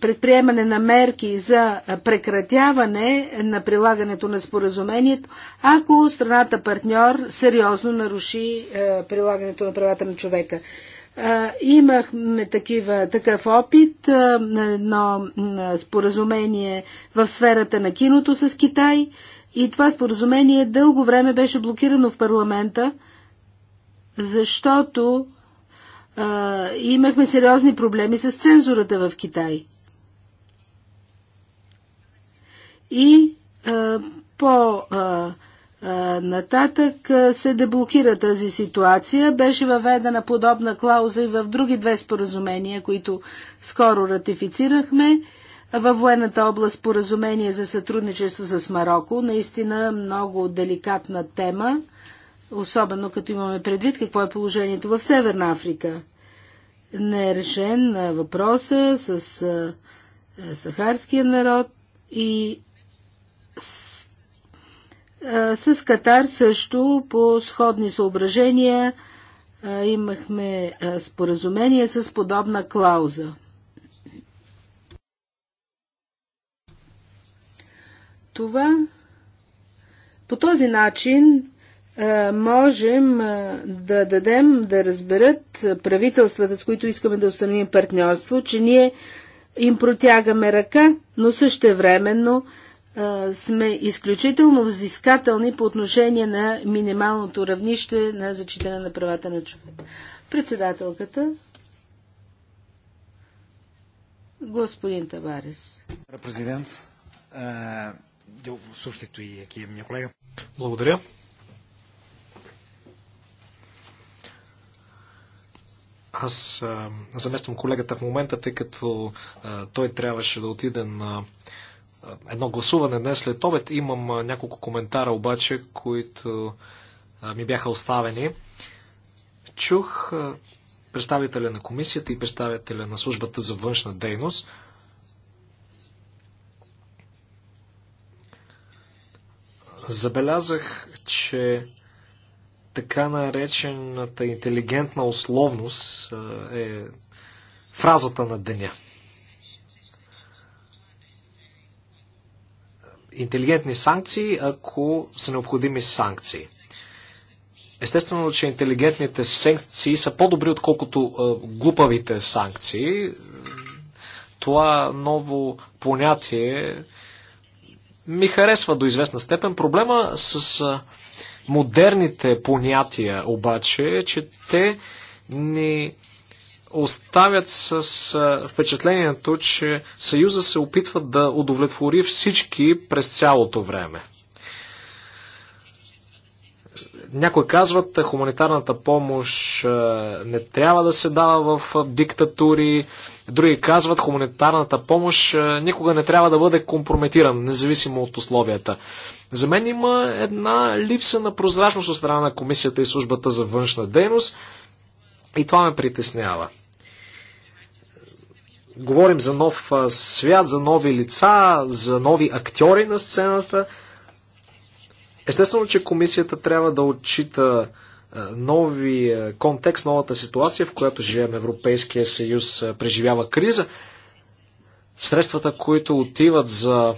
предприемане на мерки за прекратяване на прилагането на споразумението, ако страната партньор сериозно наруши прилагането на правата на човека. Имахме такива, такъв опит на едно споразумение в сферата на киното с Китай и това споразумение дълго време беше блокирано в парламента, защото а, имахме сериозни проблеми с цензурата в Китай. И а, по а, нататък се деблокира тази ситуация. Беше въведена подобна клауза и в други две споразумения, които скоро ратифицирахме. Във военната област споразумение за сътрудничество с Марокко, наистина много деликатна тема особено като имаме предвид какво е положението в Северна Африка. Не е решен въпроса с сахарския народ и с, с Катар също по сходни съображения имахме споразумение с подобна клауза. Това по този начин е, можем е, да дадем да разберат правителствата, с които искаме да установим партньорство, че ние им протягаме ръка, но същевременно е, сме изключително взискателни по отношение на минималното равнище на зачитане на правата на човека. Председателката господин Табарес. Президент, eu substitui Благодаря. Аз а, замествам колегата в момента, тъй като а, той трябваше да отиде на едно гласуване днес след обед. Имам а, няколко коментара обаче, които а, ми бяха оставени. Чух а, представителя на комисията и представителя на службата за външна дейност. Забелязах, че така наречената интелигентна условност е фразата на деня. Интелигентни санкции, ако са необходими санкции. Естествено, че интелигентните санкции са по-добри, отколкото глупавите санкции. Това ново понятие ми харесва до известна степен. Проблема с модерните понятия обаче е, че те ни оставят с впечатлението, че Съюза се опитва да удовлетвори всички през цялото време. Някои казват, хуманитарната помощ не трябва да се дава в диктатури. Други казват, хуманитарната помощ никога не трябва да бъде компрометирана, независимо от условията. За мен има една липса на прозрачност от страна на комисията и службата за външна дейност и това ме притеснява. Говорим за нов свят, за нови лица, за нови актьори на сцената. Естествено, че комисията трябва да отчита нови контекст, новата ситуация, в която живеем. Европейския съюз преживява криза. Средствата, които отиват за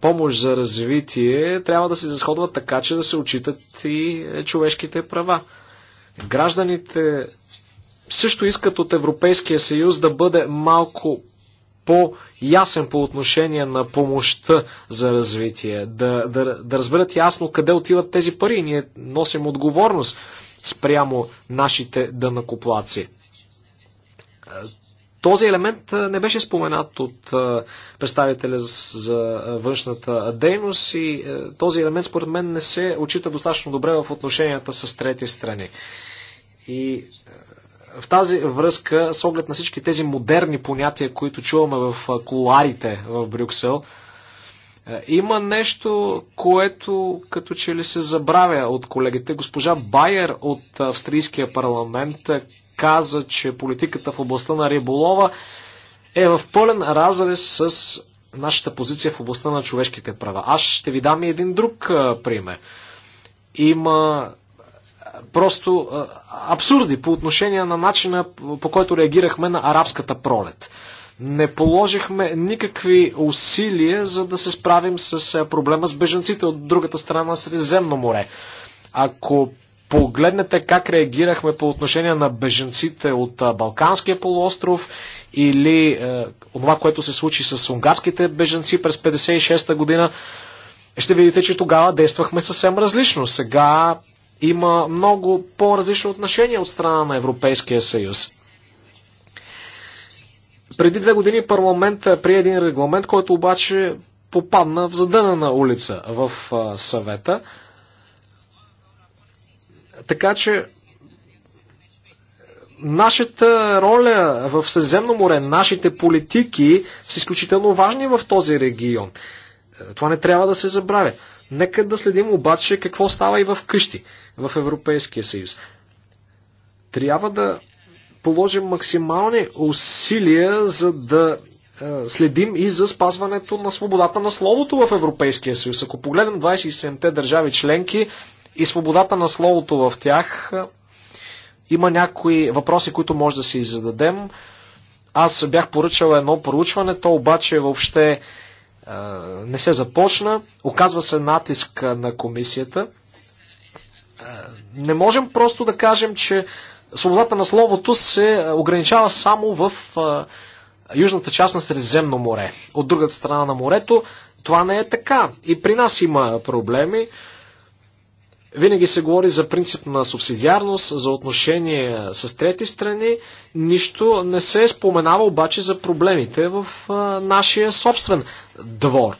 помощ за развитие трябва да се изразходват така, че да се отчитат и е, човешките права. Гражданите също искат от Европейския съюз да бъде малко по-ясен по отношение на помощта за развитие, да, да, да разберат ясно къде отиват тези пари. Ние носим отговорност спрямо нашите дънакоплаци. Този елемент не беше споменат от представителя за външната дейност и този елемент според мен не се очита достатъчно добре в отношенията с трети страни. И в тази връзка, с оглед на всички тези модерни понятия, които чуваме в коларите в Брюксел, има нещо, което като че ли се забравя от колегите. Госпожа Байер от Австрийския парламент каза, че политиката в областта на риболова е в пълен разрез с нашата позиция в областта на човешките права. Аз ще ви дам и един друг а, пример. Има просто а, абсурди по отношение на начина по който реагирахме на арабската пролет. Не положихме никакви усилия за да се справим с проблема с бежанците от другата страна на Средиземно море. Ако погледнете как реагирахме по отношение на беженците от Балканския полуостров или е, това, което се случи с унгарските беженци през 1956 година, ще видите, че тогава действахме съвсем различно. Сега има много по-различно отношение от страна на Европейския съюз. Преди две години парламент е, прие един регламент, който обаче попадна в задънена улица в съвета. Така че нашата роля в Средиземно море, нашите политики са изключително важни в този регион. Това не трябва да се забравя. Нека да следим обаче какво става и в къщи в Европейския съюз. Трябва да положим максимални усилия, за да следим и за спазването на свободата на словото в Европейския съюз. Ако погледнем 27-те държави членки, и свободата на словото в тях. Има някои въпроси, които може да си зададем. Аз бях поръчал едно проучване, то обаче въобще е, не се започна. Оказва се натиск на комисията. не можем просто да кажем, че свободата на словото се ограничава само в южната част на Средиземно море. От другата страна на морето това не е така. И при нас има проблеми. Винаги се говори за принцип на субсидиарност, за отношение с трети страни. Нищо не се споменава обаче за проблемите в нашия собствен двор.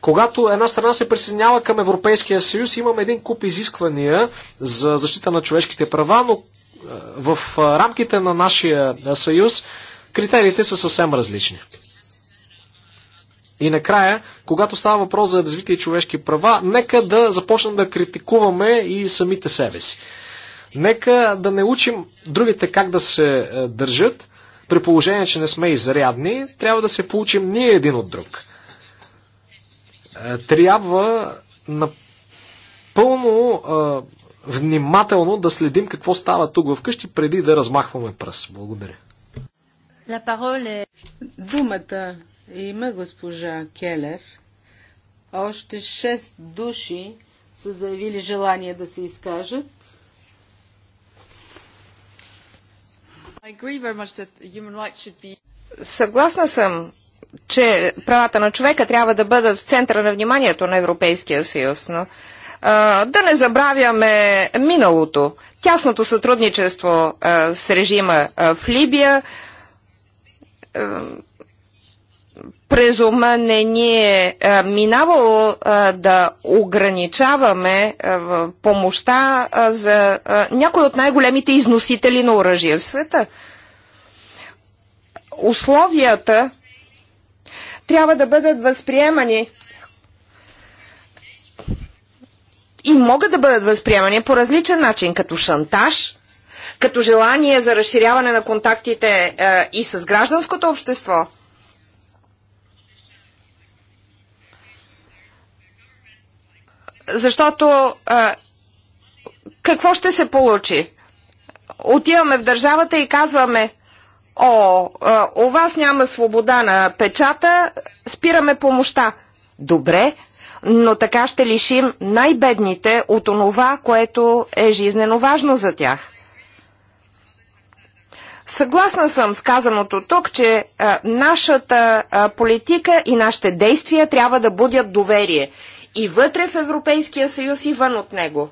Когато една страна се присъединява към Европейския съюз, имаме един куп изисквания за защита на човешките права, но в рамките на нашия съюз критериите са съвсем различни. И накрая, когато става въпрос за развитие и човешки права, нека да започнем да критикуваме и самите себе си. Нека да не учим другите как да се е, държат, при положение, че не сме изрядни, трябва да се получим ние един от друг. Е, трябва напълно е, внимателно да следим какво става тук вкъщи, преди да размахваме пръс. Благодаря. Думата има госпожа Келер. Още 6 души са заявили желание да се изкажат. Съгласна съм, че правата на човека трябва да бъдат в центъра на вниманието на Европейския съюз, но а, да не забравяме миналото, тясното сътрудничество а, с режима а, в Либия, през ума не ни е, е минавало е, да ограничаваме е, помощта за някои от най-големите износители на оръжие в света. Условията трябва да бъдат възприемани и могат да бъдат възприемани по различен начин, като шантаж, като желание за разширяване на контактите и с гражданското общество, Защото а, какво ще се получи? Отиваме в държавата и казваме, о, а, у вас няма свобода на печата, спираме помощта. Добре, но така ще лишим най-бедните от онова, което е жизнено важно за тях. Съгласна съм с казаното тук, че а, нашата а, политика и нашите действия трябва да будят доверие и вътре в Европейския съюз и вън от него.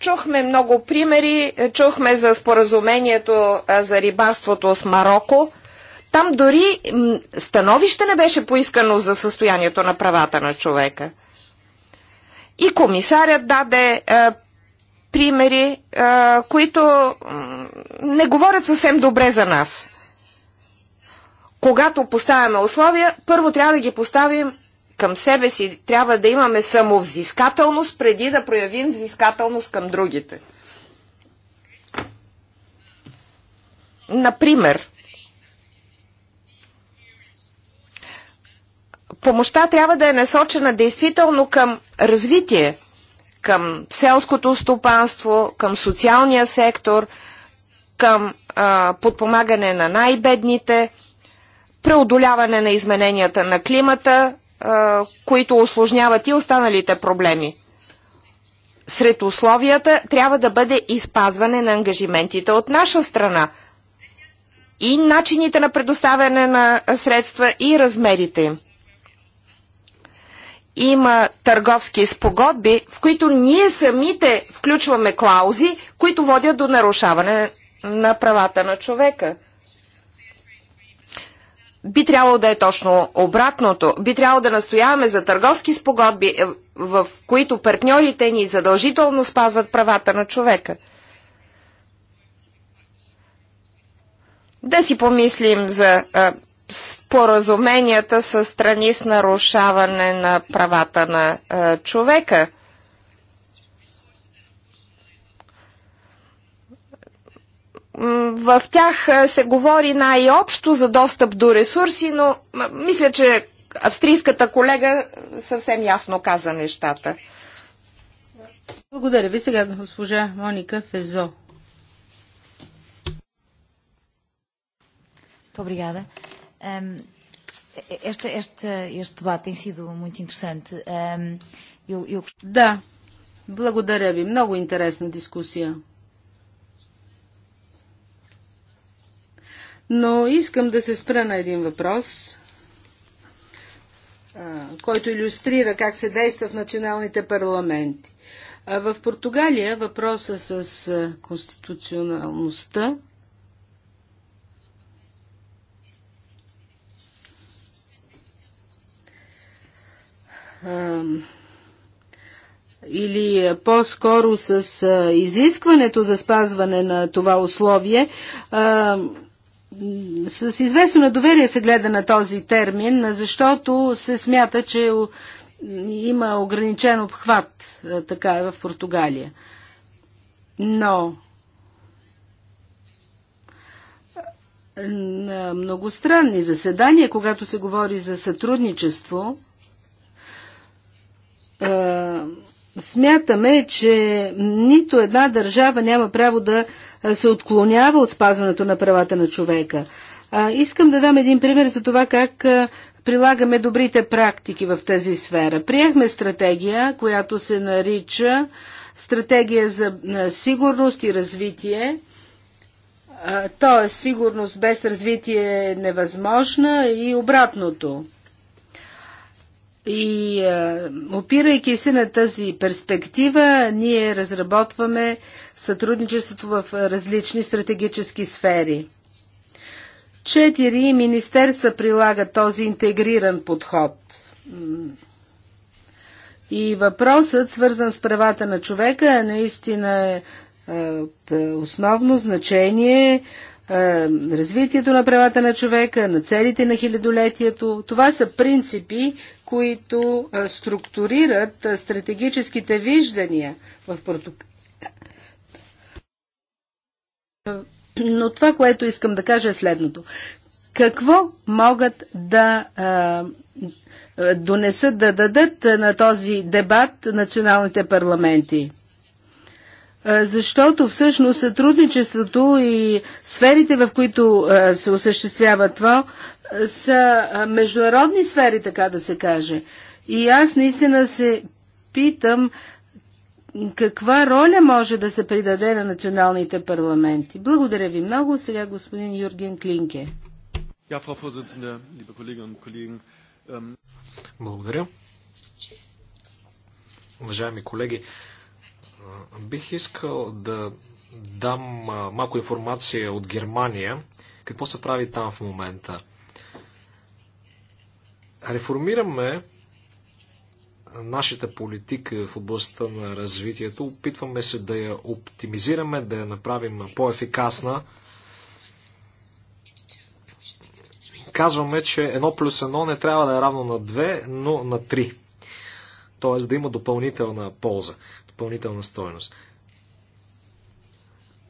Чухме много примери, чухме за споразумението за рибарството с Марокко. Там дори становище не беше поискано за състоянието на правата на човека. И комисарят даде е, примери, е, които не говорят съвсем добре за нас когато поставяме условия, първо трябва да ги поставим към себе си. Трябва да имаме самовзискателност, преди да проявим взискателност към другите. Например, помощта трябва да е насочена действително към развитие, към селското стопанство, към социалния сектор, към а, подпомагане на най-бедните – преодоляване на измененията на климата, които осложняват и останалите проблеми. Сред условията трябва да бъде изпазване на ангажиментите от наша страна и начините на предоставяне на средства и размерите им. Има търговски спогодби, в които ние самите включваме клаузи, които водят до нарушаване на правата на човека – би трябвало да е точно обратното. Би трябвало да настояваме за търговски спогодби, е, в които партньорите ни задължително спазват правата на човека. Да си помислим за а, е, споразуменията с страни с нарушаване на правата на а, е, човека – В тях се говори най-общо за достъп до ресурси, но мисля, че австрийската колега съвсем ясно каза нещата. Благодаря ви сега, госпожа Моника Фезо. Obrigada. Um, е, е, este, este, este debate tem sido muito interessante. Um, eu, eu... Да, благодаря ви. Много интересна дискусия. Но искам да се спра на един въпрос, който иллюстрира как се действа в националните парламенти. В Португалия въпроса с конституционалността или по-скоро с изискването за спазване на това условие, с известно недоверие се гледа на този термин, защото се смята, че има ограничен обхват, така е в Португалия. Но на многостранни заседания, когато се говори за сътрудничество, Смятаме, че нито една държава няма право да се отклонява от спазването на правата на човека. А, искам да дам един пример за това как а, прилагаме добрите практики в тази сфера. Приехме стратегия, която се нарича Стратегия за сигурност и развитие. Тоест, сигурност без развитие е невъзможна и обратното. И е, опирайки се на тази перспектива, ние разработваме сътрудничеството в е, различни стратегически сфери. Четири министерства прилагат този интегриран подход. И въпросът, свързан с правата на човека, наистина е от е, основно значение е, развитието на правата на човека, на целите на хилядолетието. Това са принципи, които е, структурират е, стратегическите виждания в протокола. Но това, което искам да кажа е следното. Какво могат да донесат, да дадат на този дебат националните парламенти? защото всъщност сътрудничеството и сферите, в които се осъществява това, са международни сфери, така да се каже. И аз наистина се питам каква роля може да се придаде на националните парламенти. Благодаря ви много. Сега господин Юрген Клинке. Ähm, Благодаря. Уважаеми колеги, Бих искал да дам малко информация от Германия. Какво се прави там в момента? Реформираме нашата политика в областта на развитието. Опитваме се да я оптимизираме, да я направим по-ефикасна. Казваме, че 1 плюс 1 не трябва да е равно на 2, но на 3. Тоест да има допълнителна полза допълнителна стоеност.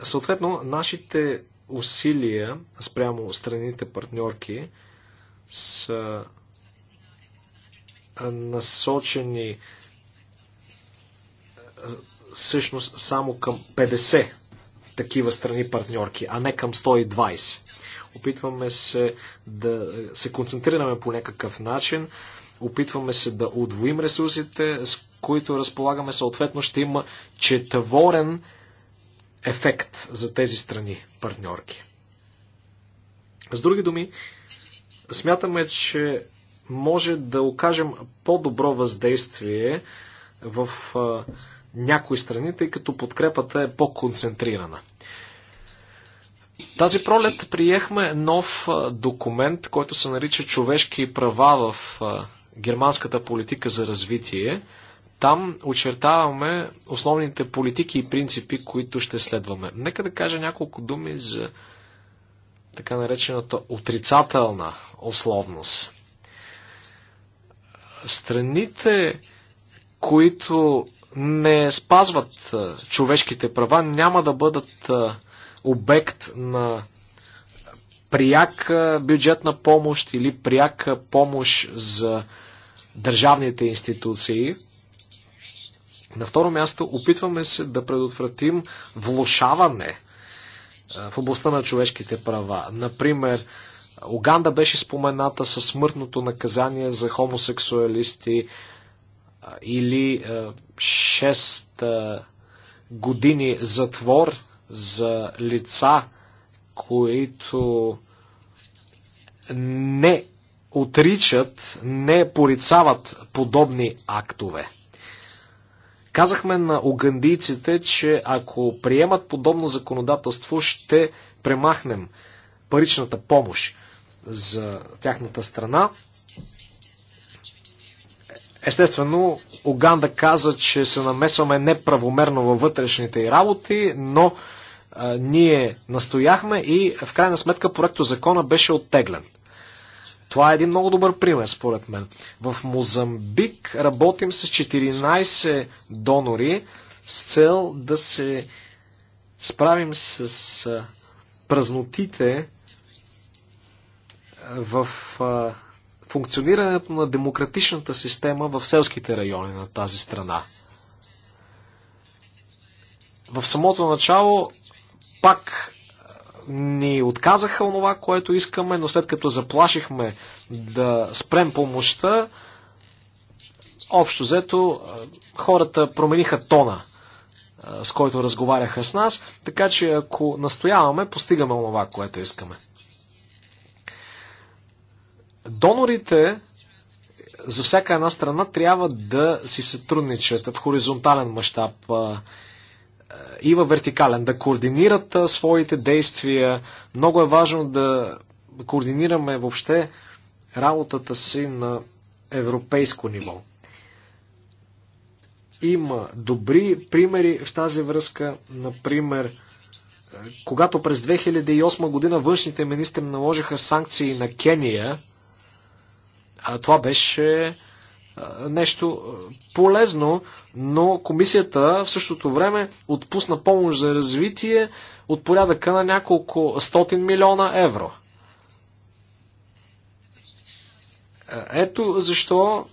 Съответно, нашите усилия спрямо страните партньорки са насочени всъщност само към 50 такива страни партньорки, а не към 120. Опитваме се да се концентрираме по някакъв начин, опитваме се да удвоим ресурсите, с които разполагаме, съответно ще има четворен ефект за тези страни партньорки. С други думи, смятаме, че може да окажем по-добро въздействие в а, някои страни, тъй като подкрепата е по-концентрирана. Тази пролет приехме нов а, документ, който се нарича Човешки права в а, германската политика за развитие. Там очертаваме основните политики и принципи, които ще следваме. Нека да кажа няколко думи за така наречената отрицателна условност. Страните, които не спазват човешките права, няма да бъдат обект на пряка бюджетна помощ или пряка помощ за държавните институции – на второ място, опитваме се да предотвратим влушаване в областта на човешките права. Например, Оганда беше спомената със смъртното наказание за хомосексуалисти или 6 години затвор за лица, които не отричат, не порицават подобни актове. Казахме на угандийците, че ако приемат подобно законодателство, ще премахнем паричната помощ за тяхната страна. Естествено, Оганда каза, че се намесваме неправомерно във вътрешните работи, но а, ние настояхме и в крайна сметка проектозакона закона беше оттеглен. Това е един много добър пример, според мен. В Мозамбик работим с 14 донори с цел да се справим с празнотите в функционирането на демократичната система в селските райони на тази страна. В самото начало пак ни отказаха онова, което искаме, но след като заплашихме да спрем помощта, общо взето хората промениха тона, с който разговаряха с нас, така че ако настояваме, постигаме онова, което искаме. Донорите за всяка една страна трябва да си сътрудничат в хоризонтален мащаб и във вертикален, да координират своите действия. Много е важно да координираме въобще работата си на европейско ниво. Има добри примери в тази връзка. Например, когато през 2008 година външните министри наложиха санкции на Кения, това беше нещо полезно, но комисията в същото време отпусна помощ за развитие от порядъка на няколко стотин милиона евро. Ето защо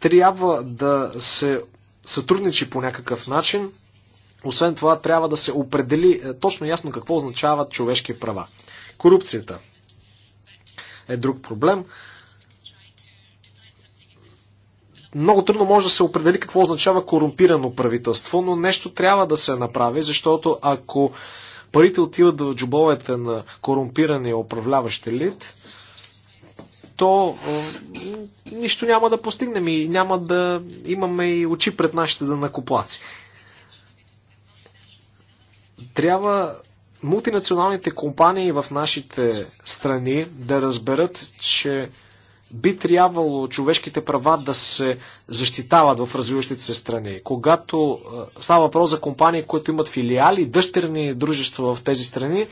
трябва да се сътрудничи по някакъв начин. Освен това, трябва да се определи е, точно ясно какво означават човешки права. Корупцията е друг проблем. Много трудно може да се определи какво означава корумпирано правителство, но нещо трябва да се направи, защото ако парите отиват в джобовете на корумпирания управляващ елит, то е, нищо няма да постигнем и няма да имаме и очи пред нашите данакоплаци. Трябва мултинационалните компании в нашите страни да разберат, че би трябвало човешките права да се защитават в развиващите се страни. Когато става въпрос за компании, които имат филиали, дъщерни дружества в тези страни,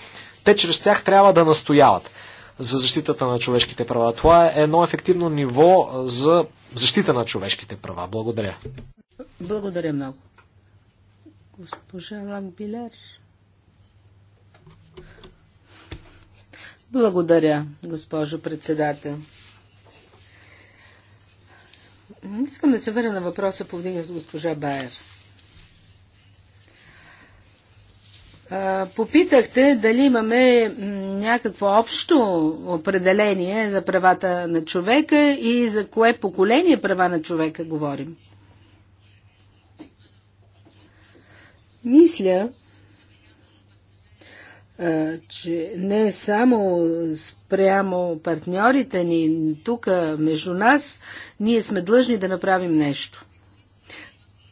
те чрез тях трябва да настояват за защитата на човешките права. Това е едно ефективно ниво за защита на човешките права. Благодаря. Благодаря много. Госпожа Лангбилер. Благодаря, госпожо председател. Искам да се върна на въпроса, повдигнат от госпожа Байер. Попитахте дали имаме някакво общо определение за правата на човека и за кое поколение права на човека говорим. Мисля, че не само спрямо партньорите ни, тук между нас, ние сме длъжни да направим нещо.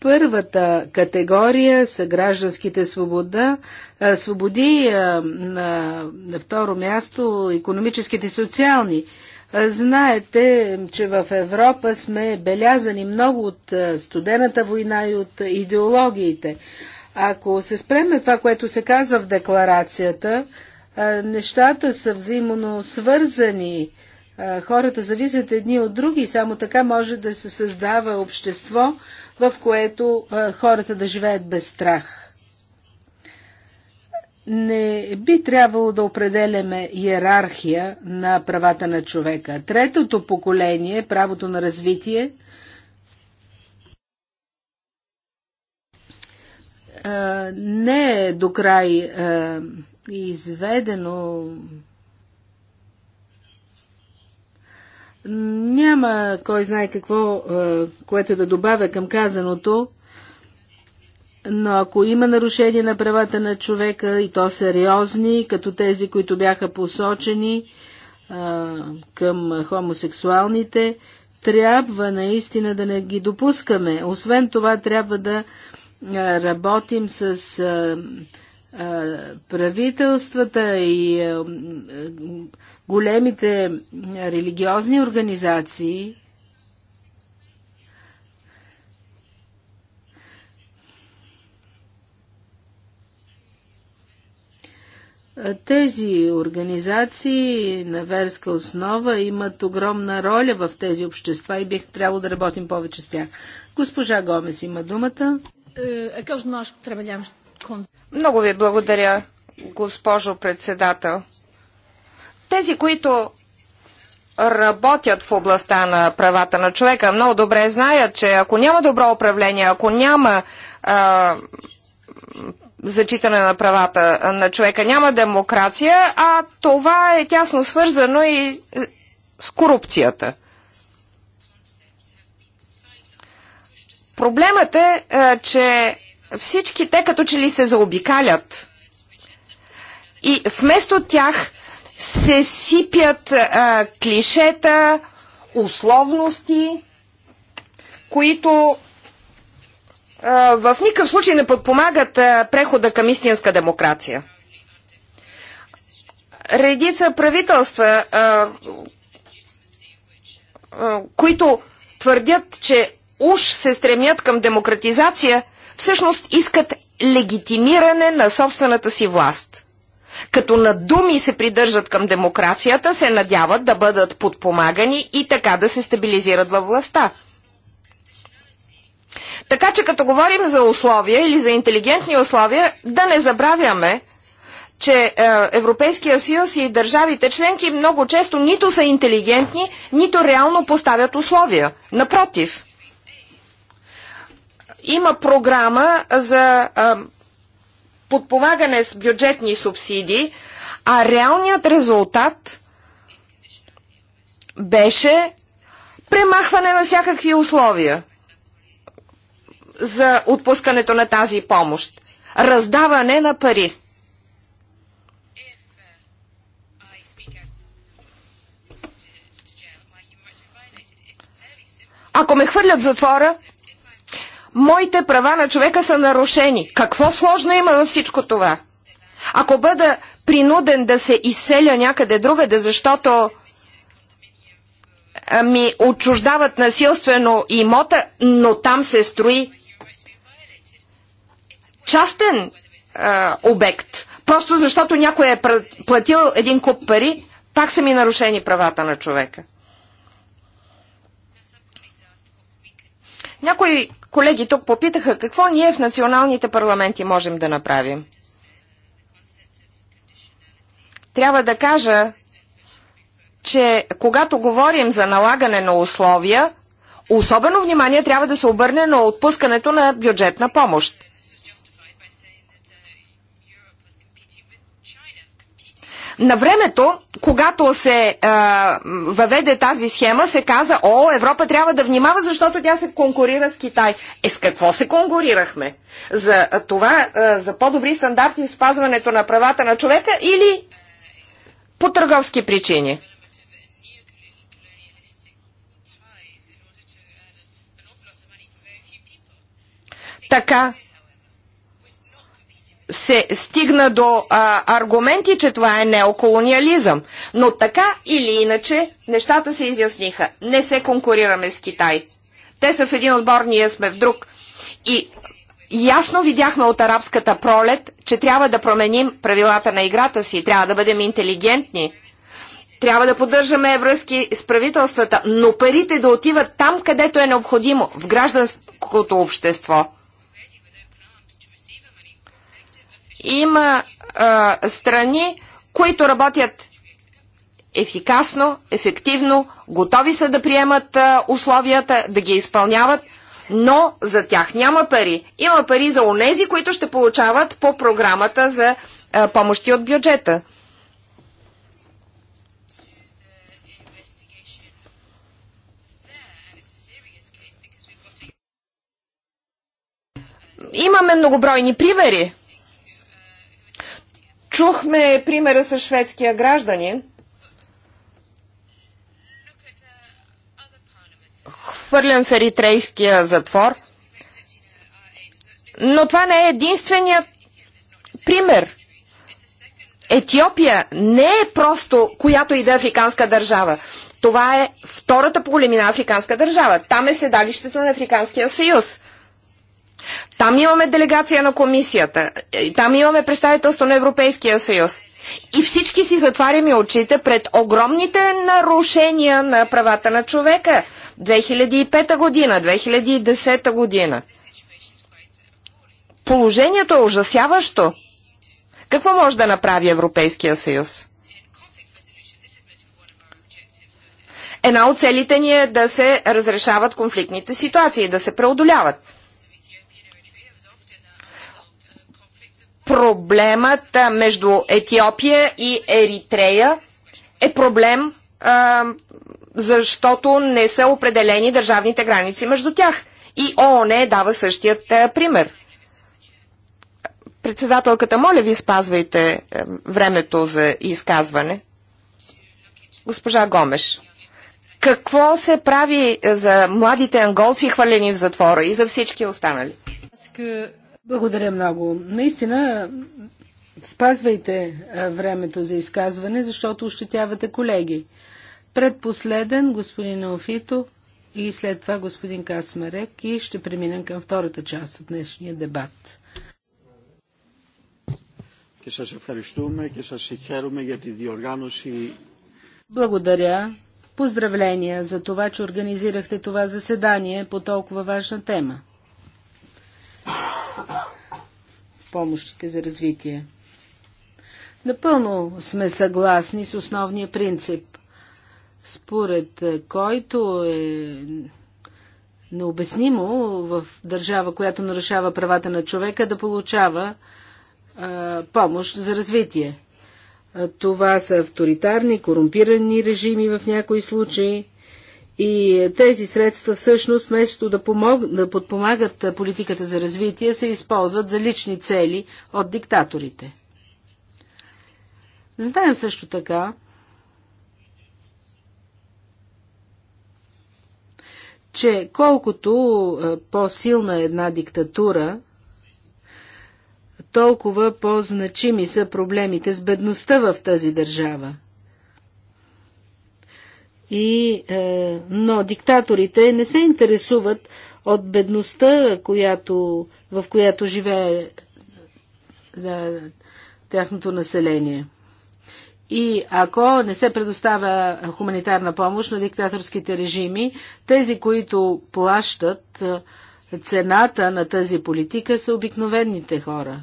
Първата категория са гражданските свобода, свободи, на второ място економическите и социални. Знаете, че в Европа сме белязани много от студената война и от идеологиите. Ако се спрем на това, което се казва в декларацията, нещата са взаимно свързани, хората зависят едни от други, само така може да се създава общество, в което хората да живеят без страх. Не би трябвало да определяме иерархия на правата на човека. Третото поколение, правото на развитие, не е до край изведено. Няма кой знае какво, което да добавя към казаното, но ако има нарушение на правата на човека и то сериозни, като тези, които бяха посочени към хомосексуалните, трябва наистина да не ги допускаме. Освен това, трябва да е, работим с е, е, правителствата и големите религиозни организации, Тези организации на верска основа имат огромна роля в тези общества и бих трябвало да работим повече с тях. Госпожа Гомес има думата aqueles de nós que trabalhamos com... Много ви благодаря, госпожо председател. Тези, които работят в областта на правата на човека, много добре знаят, че ако няма добро управление, ако няма а, зачитане на правата на човека, няма демокрация, а това е тясно свързано и с корупцията. Проблемът е, е, че всички те като че ли се заобикалят и вместо тях се сипят а, е, клишета, условности, които а, е, в никакъв случай не подпомагат а, прехода към истинска демокрация. Редица правителства, а, а, които твърдят, че уж се стремят към демократизация, всъщност искат легитимиране на собствената си власт. Като на думи се придържат към демокрацията, се надяват да бъдат подпомагани и така да се стабилизират във властта. Така че като говорим за условия или за интелигентни условия, да не забравяме, че е, Европейския съюз и държавите членки много често нито са интелигентни, нито реално поставят условия. Напротив, има програма за а, подпомагане с бюджетни субсидии, а реалният резултат беше премахване на всякакви условия за отпускането на тази помощ. Раздаване на пари. Ако ме хвърлят затвора, моите права на човека са нарушени. Какво сложно има във всичко това? Ако бъда принуден да се изселя някъде другаде, защото ми отчуждават насилствено имота, но там се строи частен а, обект. Просто защото някой е платил един куп пари, пак са ми нарушени правата на човека. Някои Колеги тук попитаха какво ние в националните парламенти можем да направим. Трябва да кажа, че когато говорим за налагане на условия, особено внимание трябва да се обърне на отпускането на бюджетна помощ. На времето, когато се а, въведе тази схема, се каза, о, Европа трябва да внимава, защото тя се конкурира с Китай. Е, с какво се конкурирахме? За това, а, за по-добри стандарти в спазването на правата на човека или по търговски причини? Така, се стигна до а, аргументи, че това е неоколониализъм. Но така или иначе, нещата се изясниха. Не се конкурираме с Китай. Те са в един отбор, ние сме в друг. И ясно видяхме от арабската пролет, че трябва да променим правилата на играта си, трябва да бъдем интелигентни, трябва да поддържаме връзки с правителствата, но парите да отиват там, където е необходимо, в гражданското общество. Има а, страни, които работят ефикасно, ефективно, готови са да приемат а, условията, да ги изпълняват, но за тях няма пари. Има пари за онези, които ще получават по програмата за а, помощи от бюджета. Имаме многобройни примери. Чухме примера с шведския гражданин. Хвърлен в еритрейския затвор. Но това не е единственият пример. Етиопия не е просто която и да е африканска държава. Това е втората по големина африканска държава. Там е седалището на Африканския съюз – там имаме делегация на комисията, е, там имаме представителство на Европейския съюз. И всички си затваряме очите пред огромните нарушения на правата на човека. 2005 година, 2010 година. Положението е ужасяващо. Какво може да направи Европейския съюз? Една от целите ни е да се разрешават конфликтните ситуации, да се преодоляват. проблемът между Етиопия и Еритрея е проблем, защото не са определени държавните граници между тях. И ООН е дава същият пример. Председателката, моля ви спазвайте времето за изказване. Госпожа Гомеш какво се прави за младите анголци, хвалени в затвора и за всички останали? Благодаря много. Наистина, спазвайте е, времето за изказване, защото ощетявате колеги. Предпоследен господин Офито и след това господин Касмарек и ще преминем към втората част от днешния дебат. Благодаря. Поздравления за това, че организирахте това заседание по толкова важна тема помощите за развитие. Напълно сме съгласни с основния принцип, според е, който е необяснимо в държава, която нарушава правата на човека, да получава а, е, помощ за развитие. А, е, това са авторитарни, корумпирани режими в някои случаи. И тези средства всъщност, вместо да, помог... да подпомагат политиката за развитие, се използват за лични цели от диктаторите. Знаем също така, че колкото по-силна е една диктатура, толкова по-значими са проблемите с бедността в тази държава. И, е, но диктаторите не се интересуват от бедността, която, в която живее да, е, тяхното население. И ако не се предоставя хуманитарна помощ на диктаторските режими, тези, които плащат е, цената на тази политика, са обикновените хора.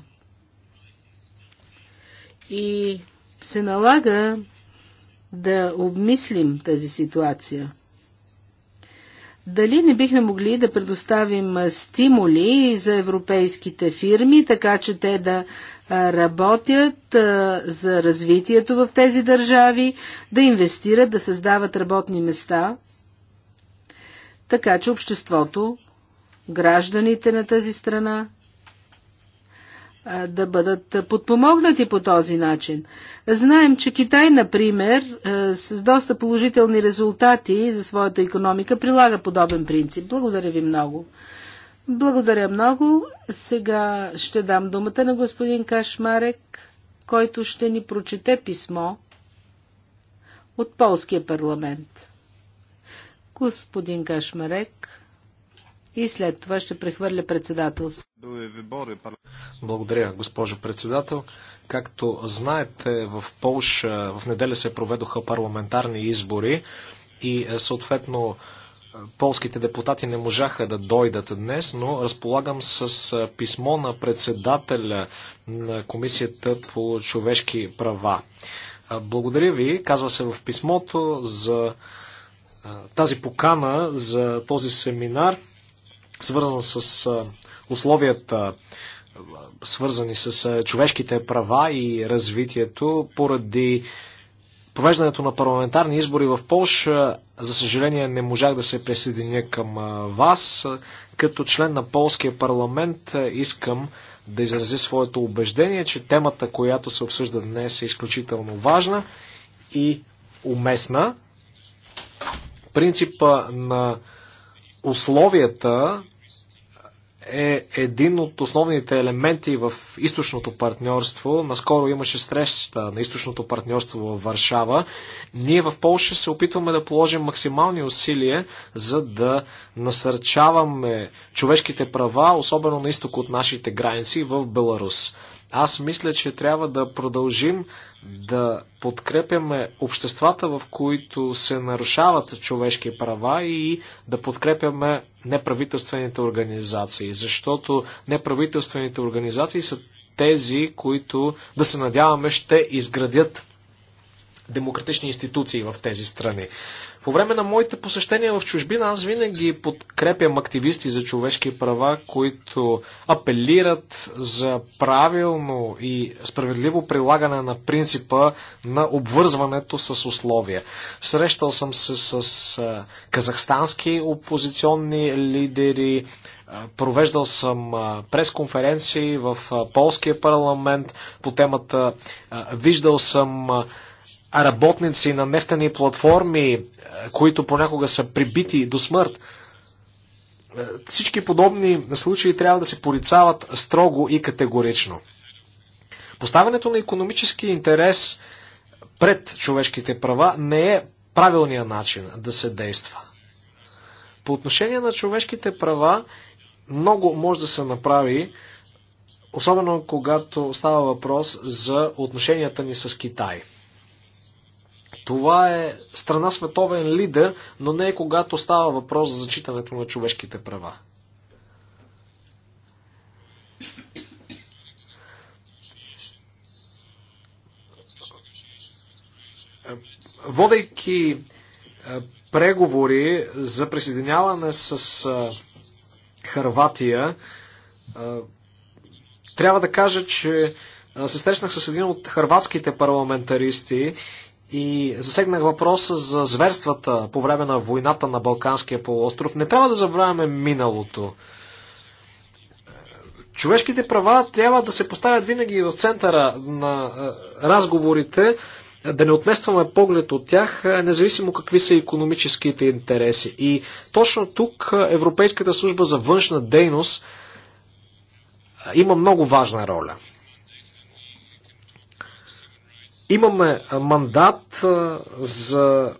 И се налага да обмислим тази ситуация. Дали не бихме могли да предоставим стимули за европейските фирми, така че те да работят за развитието в тези държави, да инвестират, да създават работни места, така че обществото, гражданите на тази страна да бъдат подпомогнати по този начин. Знаем, че Китай, например, с доста положителни резултати за своята економика прилага подобен принцип. Благодаря ви много. Благодаря много. Сега ще дам думата на господин Кашмарек, който ще ни прочете писмо от Полския парламент. Господин Кашмарек и след това ще прехвърля председателство. Благодаря, госпожо председател. Както знаете, в Полша в неделя се проведоха парламентарни избори и е, съответно е, полските депутати не можаха да дойдат днес, но разполагам с е, писмо на председателя на Комисията по човешки права. Благодаря ви, казва се в писмото, за тази покана за този семинар свързан с условията, свързани с човешките права и развитието, поради провеждането на парламентарни избори в Полша, за съжаление не можах да се присъединя към вас. Като член на полския парламент искам да изразя своето убеждение, че темата, която се обсъжда днес е изключително важна и уместна. Принципа на условията е един от основните елементи в източното партньорство. Наскоро имаше среща на източното партньорство в Варшава. Ние в Польша се опитваме да положим максимални усилия, за да насърчаваме човешките права, особено на изток от нашите граници в Беларус. Аз мисля, че трябва да продължим да подкрепяме обществата, в които се нарушават човешки права и да подкрепяме неправителствените организации, защото неправителствените организации са тези, които, да се надяваме, ще изградят демократични институции в тези страни. По време на моите посещения в чужбина аз винаги подкрепям активисти за човешки права, които апелират за правилно и справедливо прилагане на принципа на обвързването с условия. Срещал съм се с казахстански опозиционни лидери, провеждал съм пресконференции в полския парламент по темата, виждал съм работници на нефтени платформи, е, които понякога са прибити до смърт. Е, всички подобни случаи трябва да се порицават строго и категорично. Поставянето на економически интерес пред човешките права не е правилният начин да се действа. По отношение на човешките права много може да се направи, особено когато става въпрос за отношенията ни с Китай – това е страна световен лидер, но не е когато става въпрос за зачитането на човешките права. Водейки е, преговори за присъединяване с е, Харватия, е, трябва да кажа, че се срещнах с един от харватските парламентаристи и засегнах въпроса за зверствата по време на войната на Балканския полуостров. Не трябва да забравяме миналото. Човешките права трябва да се поставят винаги в центъра на разговорите, да не отместваме поглед от тях, независимо какви са економическите интереси. И точно тук Европейската служба за външна дейност има много важна роля. Имаме мандат за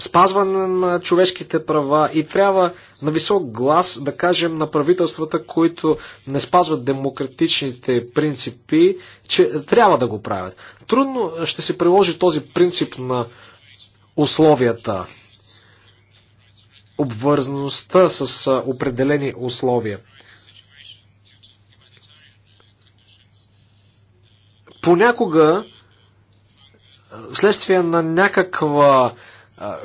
спазване на човешките права и трябва на висок глас да кажем на правителствата, които не спазват демократичните принципи, че трябва да го правят. Трудно ще се приложи този принцип на условията, обвързаността с определени условия. Понякога вследствие на някаква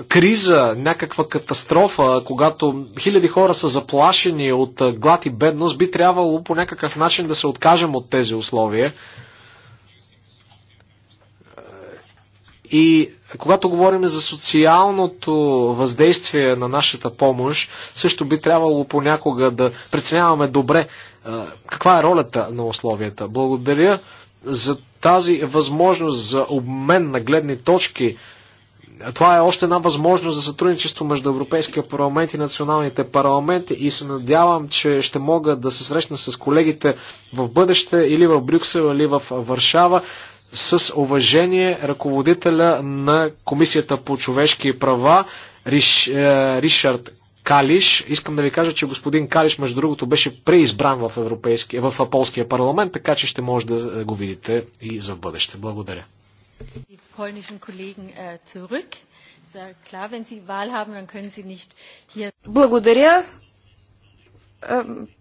криза, някаква катастрофа, когато хиляди хора са заплашени от глад и бедност, би трябвало по някакъв начин да се откажем от тези условия. И когато говорим за социалното въздействие на нашата помощ, също би трябвало понякога да преценяваме добре каква е ролята на условията. Благодаря за тази възможност за обмен на гледни точки, това е още една възможност за сътрудничество между Европейския парламент и националните парламенти и се надявам, че ще мога да се срещна с колегите в бъдеще или в Брюксел, или в Варшава с уважение ръководителя на Комисията по човешки права Риш, е, Ришард Калиш. Искам да ви кажа, че господин Калиш, между другото, беше преизбран в, европейски, в полския парламент, така че ще може да е, го видите и за бъдеще. Благодаря. Е, Благодаря. Е,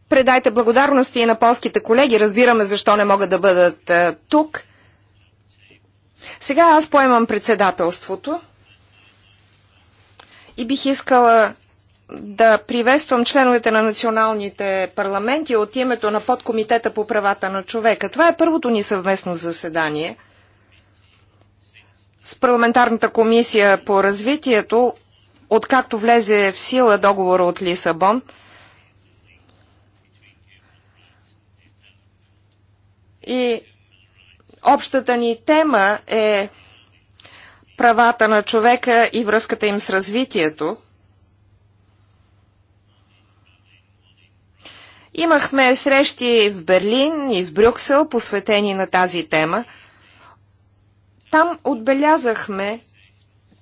предайте благодарности на полските колеги. Разбираме защо не могат да бъдат тук. Сега аз поемам председателството и бих искала да приветствам членовете на националните парламенти от името на подкомитета по правата на човека. Това е първото ни съвместно заседание с парламентарната комисия по развитието, откакто влезе в сила договора от Лисабон. И общата ни тема е правата на човека и връзката им с развитието – Имахме срещи в Берлин и в Брюксел, посветени на тази тема. Там отбелязахме,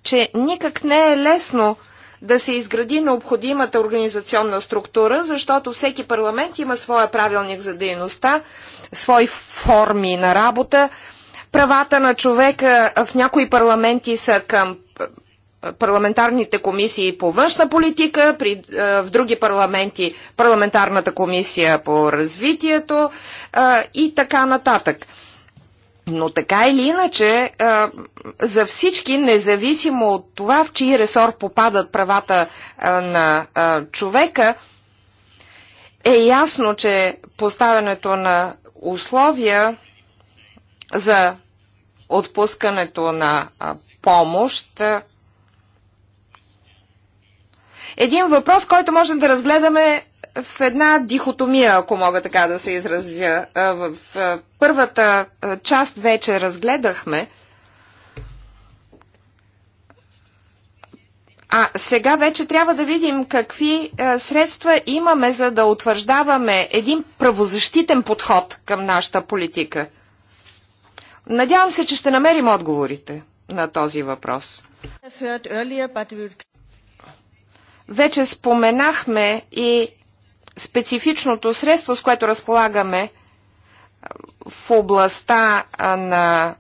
че никак не е лесно да се изгради необходимата организационна структура, защото всеки парламент има своя правилник за дейността, свои форми на работа. Правата на човека в някои парламенти са към парламентарните комисии по външна политика, при, е, в други парламенти парламентарната комисия по развитието е, и така нататък. Но така или иначе, е, за всички, независимо от това в чий ресор попадат правата на човека, е ясно, че поставянето на условия за отпускането на помощ един въпрос, който можем да разгледаме в една дихотомия, ако мога така да се изразя. В първата част вече разгледахме, а сега вече трябва да видим какви средства имаме, за да утвърждаваме един правозащитен подход към нашата политика. Надявам се, че ще намерим отговорите на този въпрос. Вече споменахме и специфичното средство, с което разполагаме в областта на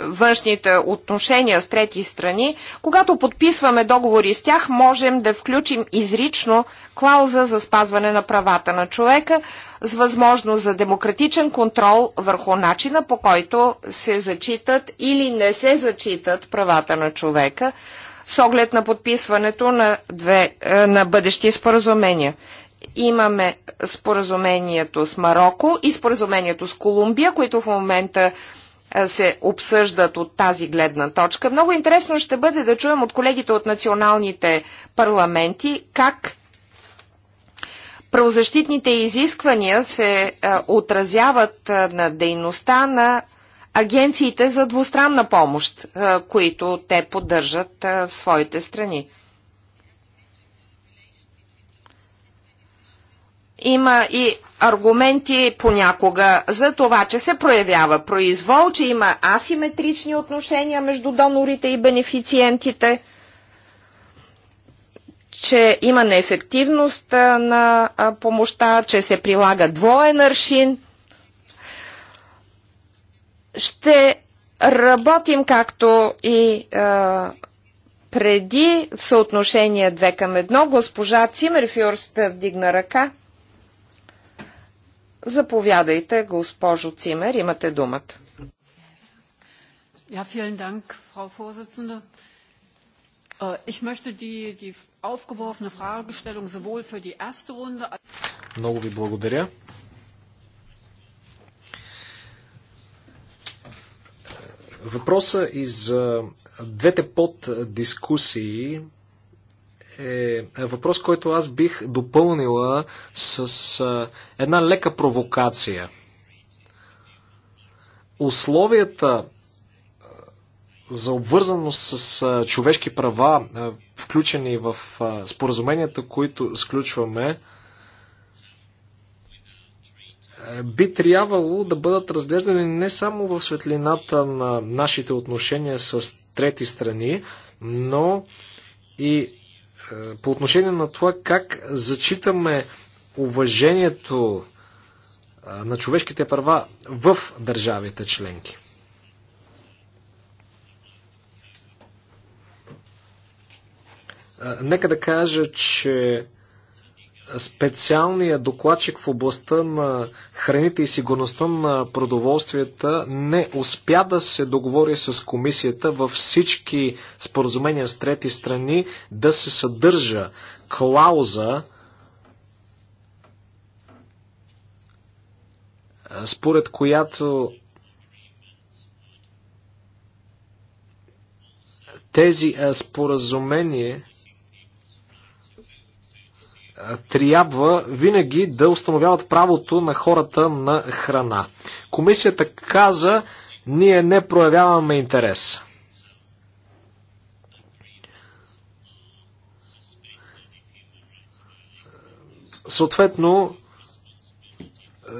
външните отношения с трети страни, когато подписваме договори с тях, можем да включим изрично клауза за спазване на правата на човека с възможност за демократичен контрол върху начина по който се зачитат или не се зачитат правата на човека с оглед на подписването на, две, е, на бъдещи споразумения. Имаме споразумението с Марокко и споразумението с Колумбия, които в момента е, се обсъждат от тази гледна точка. Много интересно ще бъде да чуем от колегите от националните парламенти как правозащитните изисквания се е, отразяват на дейността на агенциите за двустранна помощ, които те поддържат в своите страни. Има и аргументи понякога за това, че се проявява произвол, че има асиметрични отношения между донорите и бенефициентите, че има неефективност на помощта, че се прилага двоен аршин – ще работим както и а, преди в съотношение 2 към 1. Госпожа Цимерфюрст вдигна ръка. Заповядайте, госпожо Цимер, имате думата. Ja, vielen Dank, Frau Vorsitzende. Äh, ich möchte die, die aufgeworfene Fragestellung sowohl für die erste Runde als Много ви благодаря. Въпроса и за двете поддискусии е въпрос, който аз бих допълнила с една лека провокация. Условията за обвързаност с човешки права, включени в споразуменията, които сключваме, би трябвало да бъдат разглеждани не само в светлината на нашите отношения с трети страни, но и е, по отношение на това как зачитаме уважението е, на човешките права в държавите членки. Е, нека да кажа, че специалният докладчик в областта на храните и сигурността на продоволствията не успя да се договори с комисията във всички споразумения с трети страни да се съдържа клауза, според която тези споразумения трябва винаги да установяват правото на хората на храна. Комисията каза, ние не проявяваме интерес. Съответно,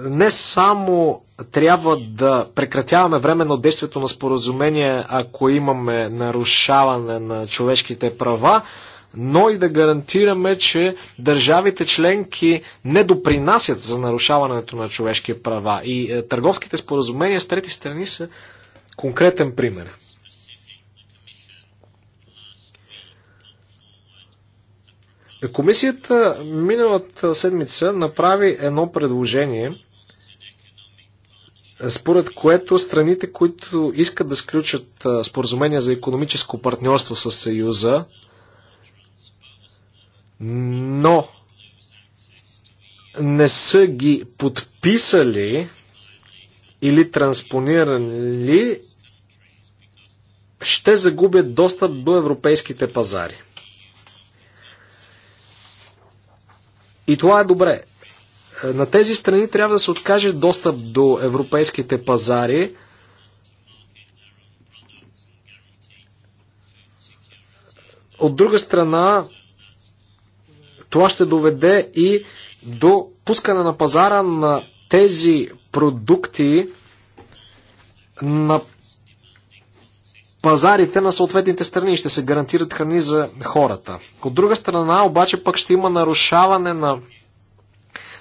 не само трябва да прекратяваме временно действието на споразумение, ако имаме нарушаване на човешките права, но и да гарантираме, че държавите членки не допринасят за нарушаването на човешки права. И е, търговските споразумения с трети страни са конкретен пример. Комисията миналата седмица направи едно предложение, според което страните, които искат да сключат е, споразумения за економическо партньорство с Съюза, но не са ги подписали или транспонирали, ще загубят достъп до европейските пазари. И това е добре. На тези страни трябва да се откаже достъп до европейските пазари, От друга страна, това ще доведе и до пускане на пазара на тези продукти на пазарите на съответните страни ще се гарантират храни за хората. От друга страна, обаче пък ще има нарушаване на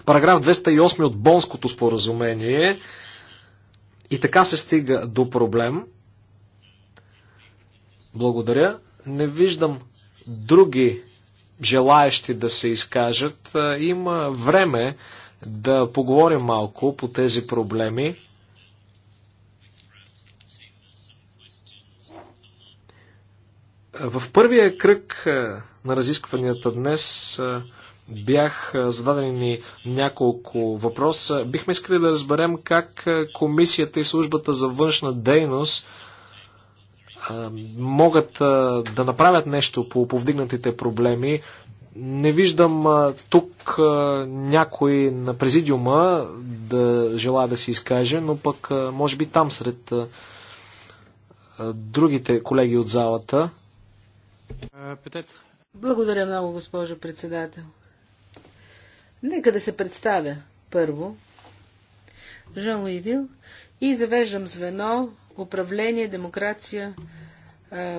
параграф 208 от Бонското споразумение и така се стига до проблем. Благодаря. Не виждам други желаящи да се изкажат. Има време да поговорим малко по тези проблеми. В първия кръг на разискванията днес бях зададени няколко въпроса. Бихме искали да разберем как комисията и службата за външна дейност могат да направят нещо по повдигнатите проблеми. Не виждам тук някой на президиума да желая да се изкаже, но пък може би там сред другите колеги от залата. Благодаря много, госпожо председател. Нека да се представя първо. Жан Луивил и завеждам звено управление, демокрация,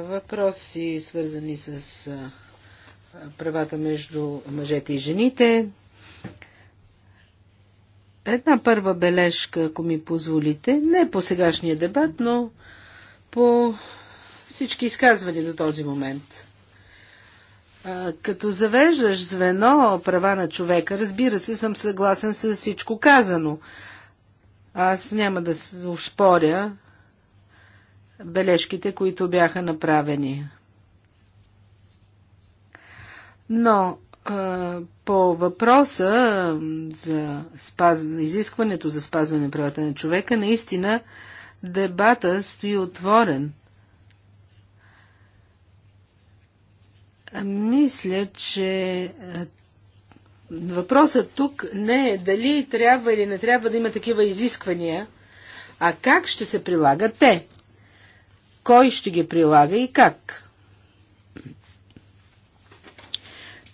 въпроси свързани с правата между мъжете и жените. Една първа бележка, ако ми позволите, не по сегашния дебат, но по всички изказвания до този момент. като завеждаш звено права на човека, разбира се, съм съгласен с всичко казано. Аз няма да споря бележките, които бяха направени. Но по въпроса за спаз... изискването за спазване на правата на човека, наистина дебата стои отворен. Мисля, че въпросът тук не е дали трябва или не трябва да има такива изисквания, а как ще се прилагат те кой ще ги прилага и как.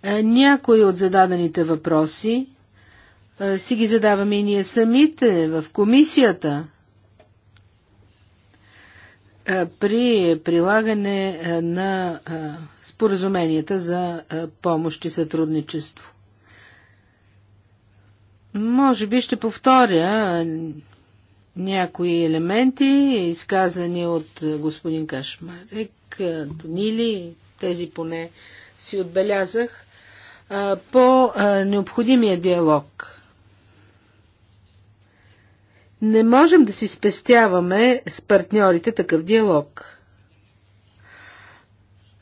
Е, някои от зададените въпроси е, си ги задаваме и ние самите в комисията. Е, при прилагане на споразуменията за помощ и сътрудничество. Може би ще повторя някои елементи, изказани от господин Кашмарек, Донили, тези поне си отбелязах, по необходимия диалог. Не можем да си спестяваме с партньорите такъв диалог.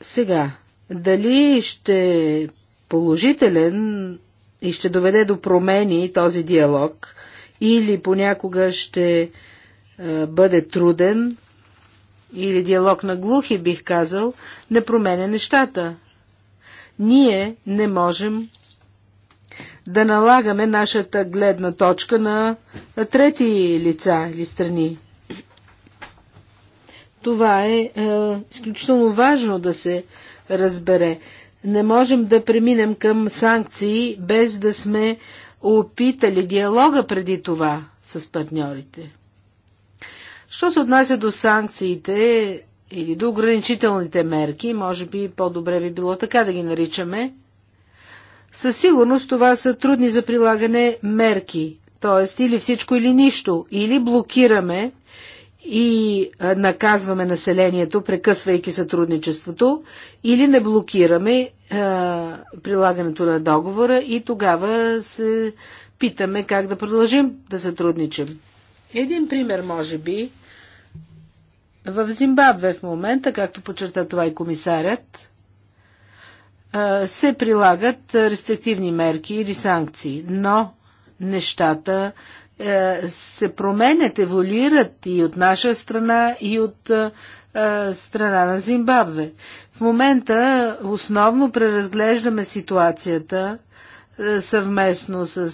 Сега, дали ще е положителен и ще доведе до промени този диалог – или понякога ще бъде труден, или диалог на глухи, бих казал, не променя нещата. Ние не можем да налагаме нашата гледна точка на трети лица или страни. Това е, е изключително важно да се разбере. Не можем да преминем към санкции без да сме опитали диалога преди това с партньорите. Що се отнася до санкциите или до ограничителните мерки, може би по-добре би било така да ги наричаме, със сигурност това са трудни за прилагане мерки, т.е. или всичко или нищо, или блокираме и наказваме населението, прекъсвайки сътрудничеството, или не блокираме а, прилагането на договора и тогава се питаме как да продължим да сътрудничим. Един пример, може би, в Зимбабве в момента, както подчерта това и комисарят, се прилагат рестриктивни мерки или санкции, но нещата е, се променят, еволюират и от наша страна, и от е, е, страна на Зимбабве. В момента основно преразглеждаме ситуацията съвместно с,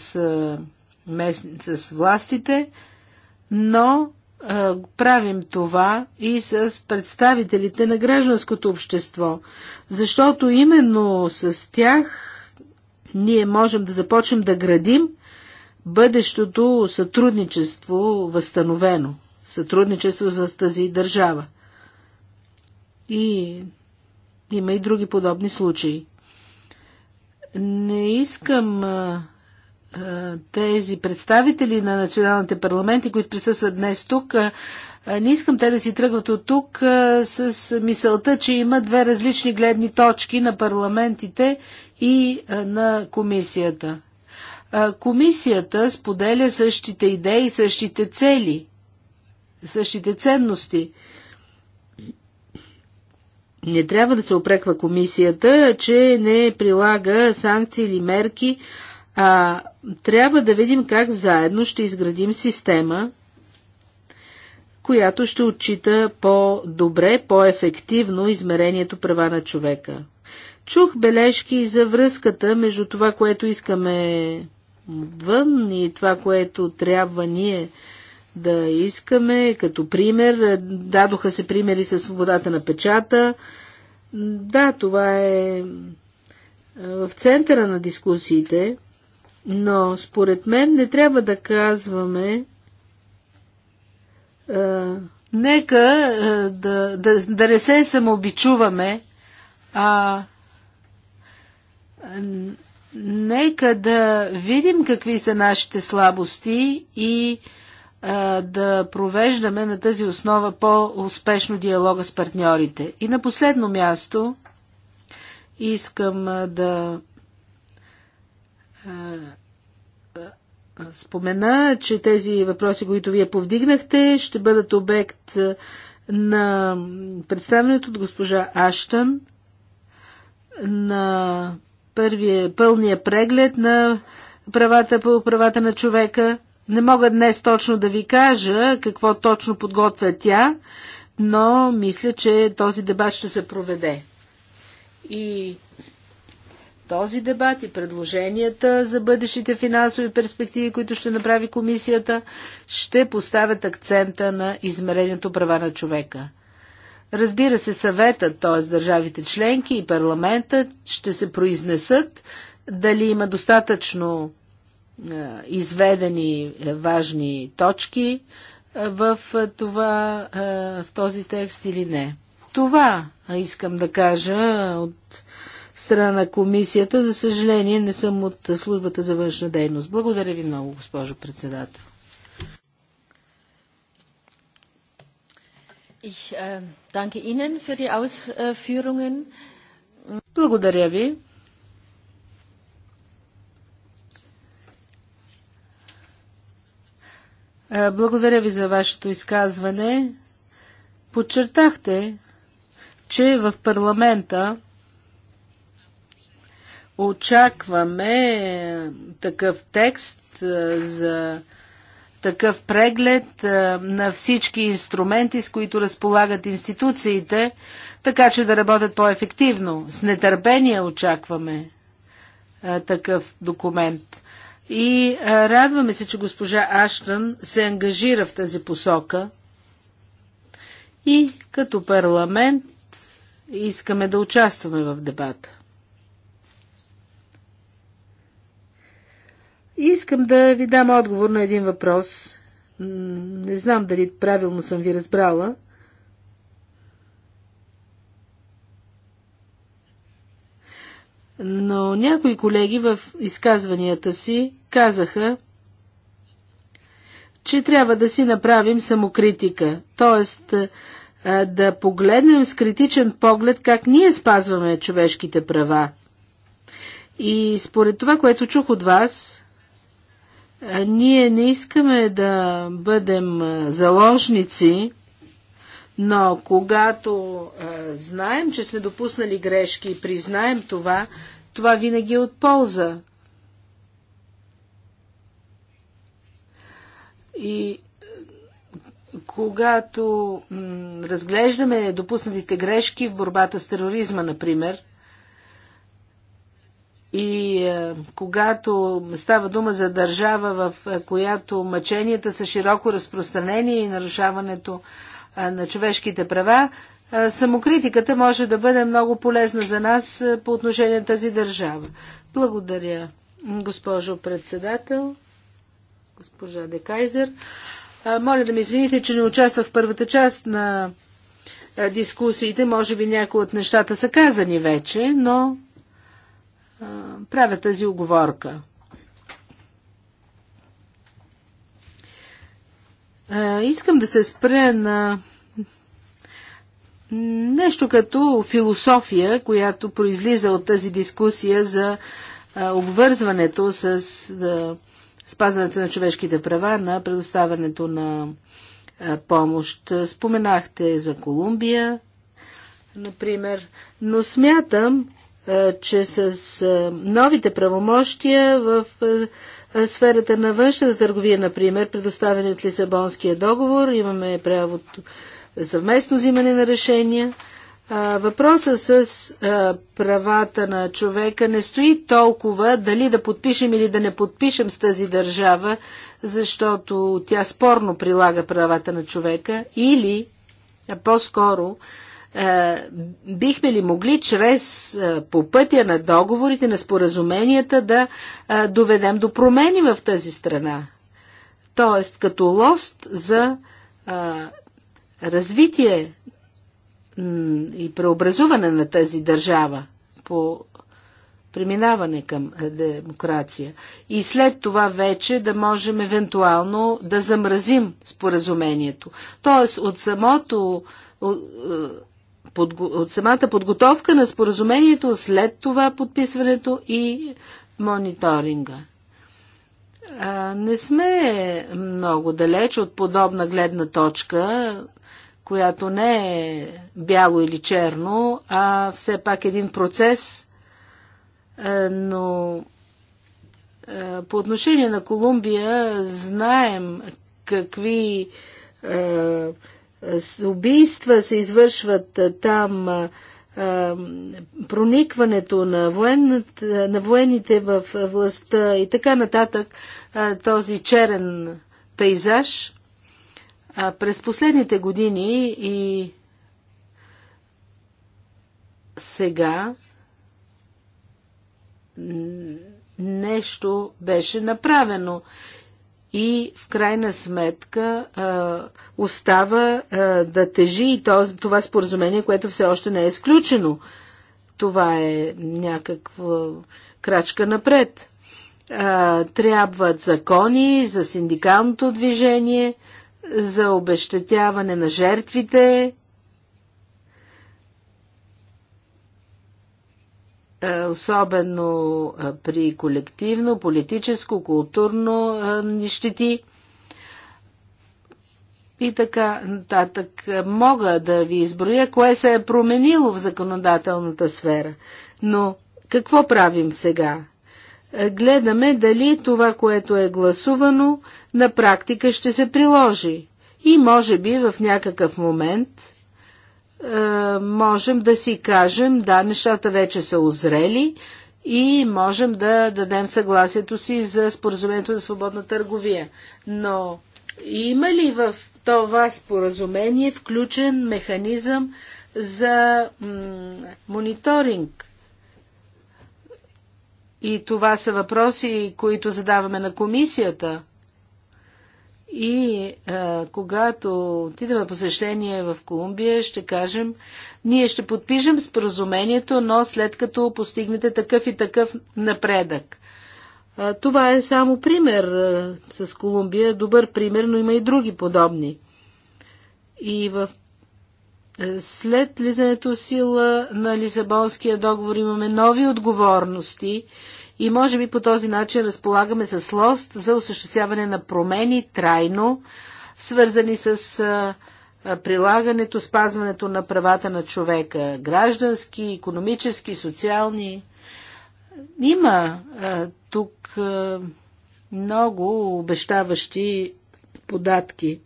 с властите, но правим това и с представителите на гражданското общество, защото именно с тях ние можем да започнем да градим бъдещото сътрудничество възстановено, сътрудничество с тази държава. И има и други подобни случаи. Не искам а, а, тези представители на националните парламенти, които присъстват днес тук, а, не искам те да си тръгват от тук а, с мисълта, че има две различни гледни точки на парламентите и а, на комисията. Комисията споделя същите идеи, същите цели, същите ценности. Не трябва да се опреква комисията, че не прилага санкции или мерки, а трябва да видим как заедно ще изградим система, която ще отчита по-добре, по-ефективно измерението права на човека. Чух бележки за връзката между това, което искаме отвън и това, което трябва ние да искаме, като пример, е, дадоха се примери със свободата на печата. Да, това е, е в центъра на дискусиите, но според мен не трябва да казваме а, е, нека а, да, да, да не се самообичуваме, а Нека да видим какви са нашите слабости и а, да провеждаме на тази основа по-успешно диалога с партньорите. И на последно място искам а, да а, спомена, че тези въпроси, които вие повдигнахте, ще бъдат обект на представенето от госпожа Аштън на първия, пълния преглед на правата по правата на човека. Не мога днес точно да ви кажа какво точно подготвя тя, но мисля, че този дебат ще се проведе. И този дебат и предложенията за бъдещите финансови перспективи, които ще направи комисията, ще поставят акцента на измерението права на човека. Разбира се, съветът, т.е. държавите членки и парламентът ще се произнесат дали има достатъчно е, изведени е, важни точки е, в, това, в този текст или не. Това искам да кажа от страна на комисията. За съжаление не съм от службата за външна дейност. Благодаря ви много, госпожо председател. Ich äh, danke Ihnen für die Ausführungen. Благодаря ви. Е, благодаря ви за вашето изказване. Подчертахте, че в парламента очакваме такъв текст е, за такъв преглед на всички инструменти, с които разполагат институциите, така че да работят по-ефективно. С нетърпение очакваме такъв документ. И радваме се, че госпожа Аштън се ангажира в тази посока. И като парламент искаме да участваме в дебата. И Искам да ви дам отговор на един въпрос. Не знам дали правилно съм ви разбрала. Но някои колеги в изказванията си казаха, че трябва да си направим самокритика, т.е. да погледнем с критичен поглед как ние спазваме човешките права. И според това, което чух от вас, е, ние не искаме да бъдем е, заложници, но когато е, знаем, че сме допуснали грешки и признаем това, това винаги е от полза. И когато разглеждаме допуснатите грешки в борбата с тероризма, например, и е, когато става дума за държава, в която мъченията са широко разпространени и нарушаването е, на човешките права, е, самокритиката може да бъде много полезна за нас е, по отношение на тази държава. Благодаря, госпожо председател, госпожа Декайзер. Е, моля да ми извините, че не участвах в първата част на дискусиите. Може би някои от нещата са казани вече, но правя тази оговорка. Искам да се спре на нещо като философия, която произлиза от тази дискусия за обвързването с спазването на човешките права, на предоставянето на помощ. Споменахте за Колумбия, например, но смятам, че с новите правомощия в сферата на външната търговия, например, предоставени от Лисабонския договор, имаме правото съвместно взимане на решения. Въпроса с правата на човека не стои толкова дали да подпишем или да не подпишем с тази държава, защото тя спорно прилага правата на човека или по-скоро е, бихме ли могли чрез е, по пътя на договорите, на споразуменията да е, доведем до промени в тази страна? Тоест, като лост за развитие и преобразуване на тази държава по преминаване към демокрация. И след това вече да можем евентуално да замразим споразумението. Тоест от самото подго... от самата подготовка на споразумението, след това подписването и мониторинга. А, не сме много далеч от подобна гледна точка, която не е бяло или черно, а все пак един процес, но по отношение на Колумбия знаем какви убийства се извършват там, проникването на, военната, на военните в властта и така нататък, този черен пейзаж. А през последните години и сега нещо беше направено и в крайна сметка а, остава а, да тежи и то, това споразумение, което все още не е изключено. Това е някаква крачка напред. А, трябват закони за синдикалното движение, за обещетяване на жертвите Е, особено е, при колективно, политическо, културно е, нищети и така нататък. Мога да ви изброя кое се е променило в законодателната сфера. Но какво правим сега? Гледаме дали това, което е гласувано, на практика ще се приложи. И може би в някакъв момент е, можем да си кажем, да, нещата вече са озрели и можем да дадем съгласието си за споразумението за свободна търговия. Но има ли в това споразумение включен механизъм за мониторинг? И това са въпроси, които задаваме на комисията. И а, когато отидем посещение в Колумбия, ще кажем, ние ще подпишем споразумението, но след като постигнете такъв и такъв напредък. А, това е само пример а, с Колумбия, добър пример, но има и други подобни. И в след влизането в сила на Лисабонския договор имаме нови отговорности и може би по този начин разполагаме с лост за осъществяване на промени трайно, свързани с прилагането, спазването на правата на човека, граждански, економически, социални. Има тук много обещаващи податки.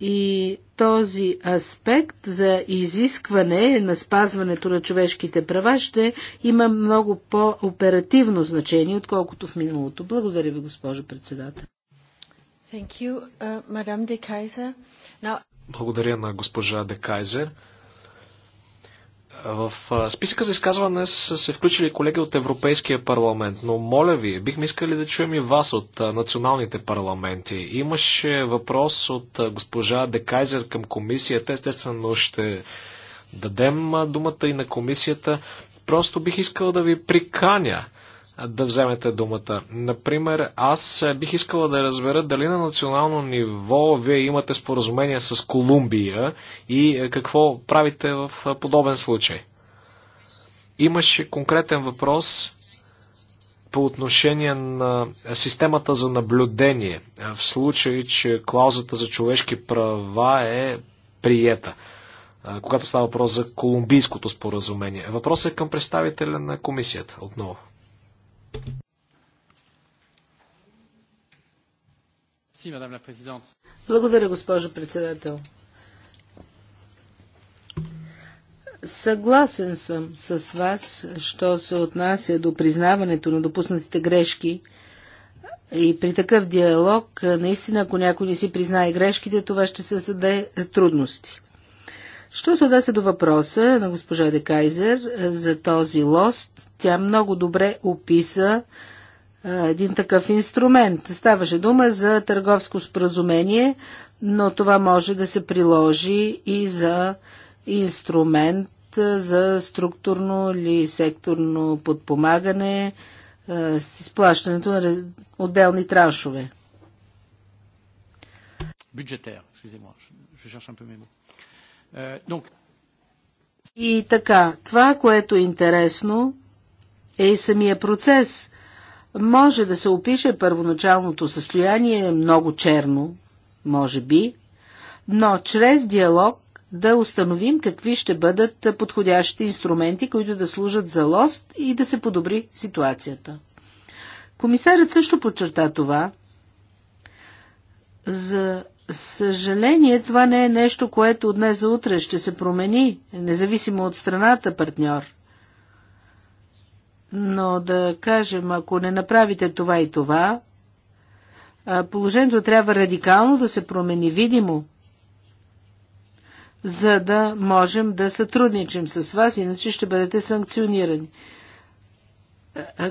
И този аспект за изискване на спазването на човешките права ще има много по-оперативно значение, отколкото в миналото. Благодаря ви, госпожо председател. Uh, Благодаря на госпожа Декайзер. В списъка за изказване са се включили колеги от Европейския парламент, но моля ви, бихме искали да чуем и вас от националните парламенти. Имаше въпрос от госпожа Декайзер към комисията. Естествено ще дадем думата и на комисията. Просто бих искал да ви приканя да вземете думата. Например, аз е, бих искала да разбера дали на национално ниво вие имате споразумение с Колумбия и е, какво правите в е, подобен случай. Имаше конкретен въпрос по отношение на системата за наблюдение, в случай, че клаузата за човешки права е приета, когато става въпрос за колумбийското споразумение. Въпросът е към представителя на комисията отново. Благодаря, госпожо председател. Съгласен съм с вас, що се отнася до признаването на допуснатите грешки. И при такъв диалог, наистина, ако някой не си признае грешките, това ще създаде трудности. Що се отнася до въпроса на госпожа Де Кайзер е, за този лост, тя много добре описа а, е, един такъв инструмент. Ставаше дума за търговско споразумение, но това може да се приложи и за инструмент е, за структурно или секторно подпомагане а, с изплащането на отделни траншове. Бюджетер, excusez ще е, и така, това, което е интересно, е и самия процес. Може да се опише първоначалното състояние много черно, може би, но чрез диалог да установим какви ще бъдат подходящите инструменти, които да служат за лост и да се подобри ситуацията. Комисарят също подчерта това, за съжаление, това не е нещо, което от днес за утре ще се промени, независимо от страната партньор. Но да кажем, ако не направите това и това, положението трябва радикално да се промени видимо, за да можем да сътрудничим с вас, иначе ще бъдете санкционирани.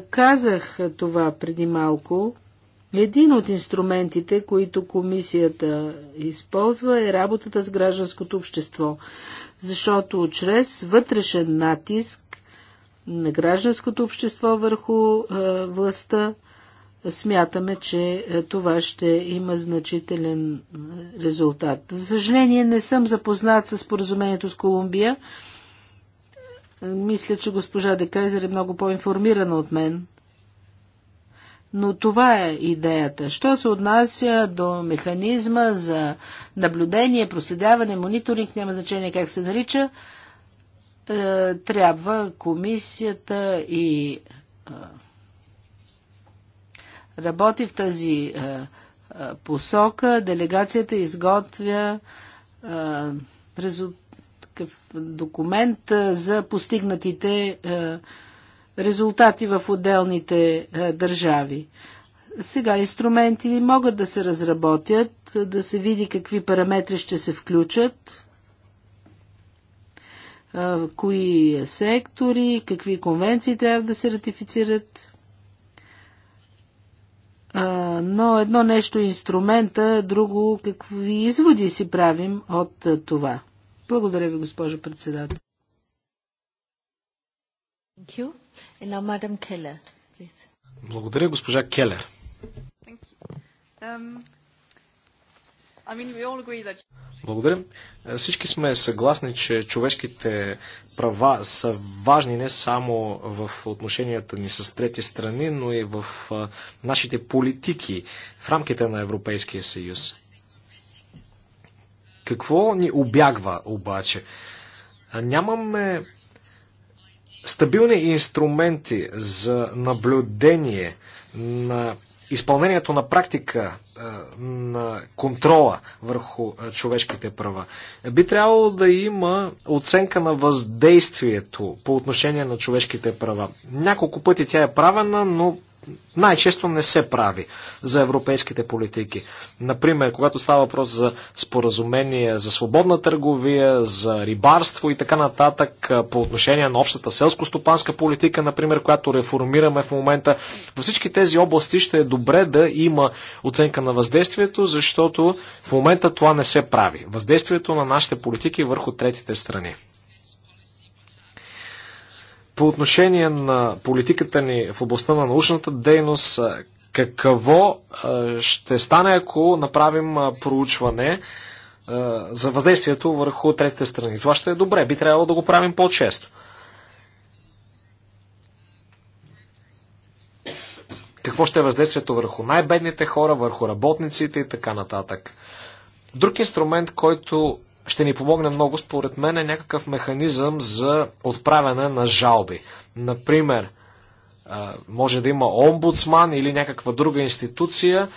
Казах това преди малко един от инструментите, които комисията използва е работата с гражданското общество, защото чрез вътрешен натиск на гражданското общество върху е, властта смятаме, че е, това ще има значителен е, резултат. За съжаление не съм запознат с поразумението с Колумбия. Мисля, че госпожа Декайзер е много по-информирана от мен. Но това е идеята. Що се отнася до механизма за наблюдение, проследяване, мониторинг, няма значение как се нарича, е, трябва комисията и е, работи в тази е, посока. Делегацията изготвя документ за постигнатите резултати в отделните е, държави. Сега инструменти могат да се разработят, да се види какви параметри ще се включат, е, кои сектори, какви конвенции трябва да се ратифицират. Е, но едно нещо е инструмента, друго какви изводи си правим от това. Благодаря ви, госпожо председател. Thank you. And now, Madam Keller, please. Благодаря, госпожа Келер. Um, I mean, that... Благодаря. Всички сме съгласни, че човешките права са важни не само в отношенията ни с трети страни, но и в нашите политики в рамките на Европейския съюз. Какво ни обягва обаче? Нямаме стабилни инструменти за наблюдение на изпълнението на практика е, на контрола върху е, човешките права. Би трябвало да има оценка на въздействието по отношение на човешките права. Няколко пъти тя е правена, но най-често не се прави за европейските политики. Например, когато става въпрос за споразумение за свободна търговия, за рибарство и така нататък, по отношение на общата селско-стопанска политика, например, която реформираме в момента, във всички тези области ще е добре да има оценка на въздействието, защото в момента това не се прави. Въздействието на нашите политики върху третите страни. По отношение на политиката ни в областта на научната дейност, какво ще стане, ако направим проучване за въздействието върху третите страни? Това ще е добре, би трябвало да го правим по-често. Какво ще е въздействието върху най-бедните хора, върху работниците и така нататък. Друг инструмент, който ще ни помогне много, според мен, е някакъв механизъм за отправяне на жалби. Например, може да има омбудсман или някаква друга институция,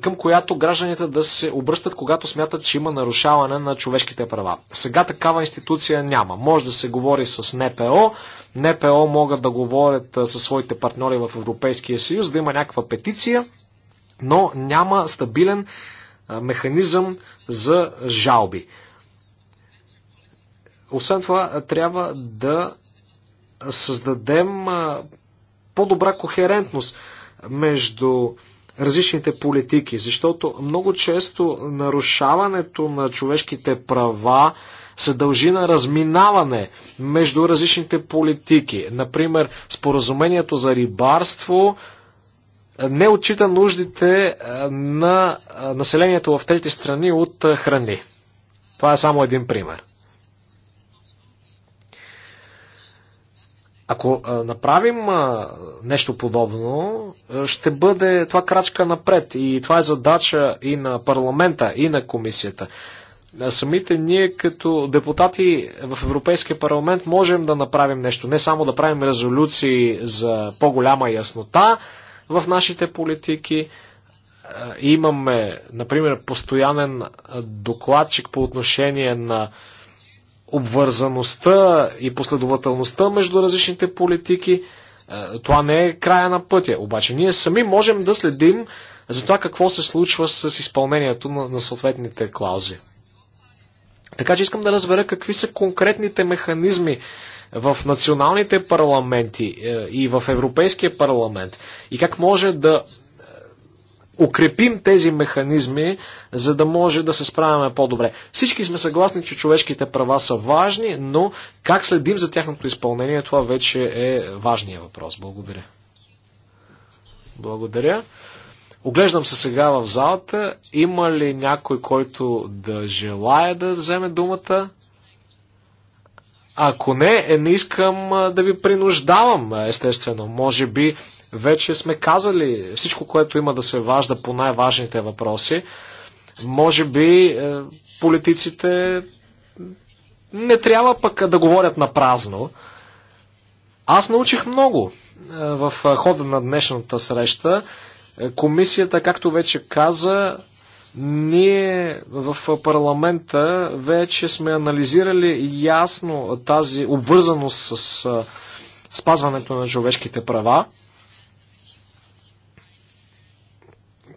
към която гражданите да се обръщат, когато смятат, че има нарушаване на човешките права. Сега такава институция няма. Може да се говори с НПО. НПО могат да говорят със своите партньори в Европейския съюз, да има някаква петиция, но няма стабилен механизъм за жалби. Освен това, трябва да създадем по-добра кохерентност между различните политики, защото много често нарушаването на човешките права се дължи на разминаване между различните политики. Например, споразумението за рибарство не отчита нуждите на населението в трети страни от храни. Това е само един пример. Ако направим нещо подобно, ще бъде това крачка напред и това е задача и на парламента, и на комисията. Самите ние като депутати в Европейския парламент можем да направим нещо, не само да правим резолюции за по-голяма яснота в нашите политики, имаме, например, постоянен докладчик по отношение на обвързаността и последователността между различните политики. Е, това не е края на пътя. Обаче ние сами можем да следим за това какво се случва с изпълнението на, на съответните клаузи. Така че искам да разбера какви са конкретните механизми в националните парламенти е, и в Европейския парламент и как може да укрепим тези механизми, за да може да се справяме по-добре. Всички сме съгласни, че човешките права са важни, но как следим за тяхното изпълнение, това вече е важният въпрос. Благодаря. Благодаря. Оглеждам се сега в залата. Има ли някой, който да желая да вземе думата? Ако не, е, не искам да ви принуждавам, естествено. Може би вече сме казали всичко, което има да се важда по най-важните въпроси. Може би е, политиците не трябва пък да говорят на празно. Аз научих много е, в хода на днешната среща. Е, комисията, както вече каза, ние в парламента вече сме анализирали ясно тази обвързаност с спазването на човешките права.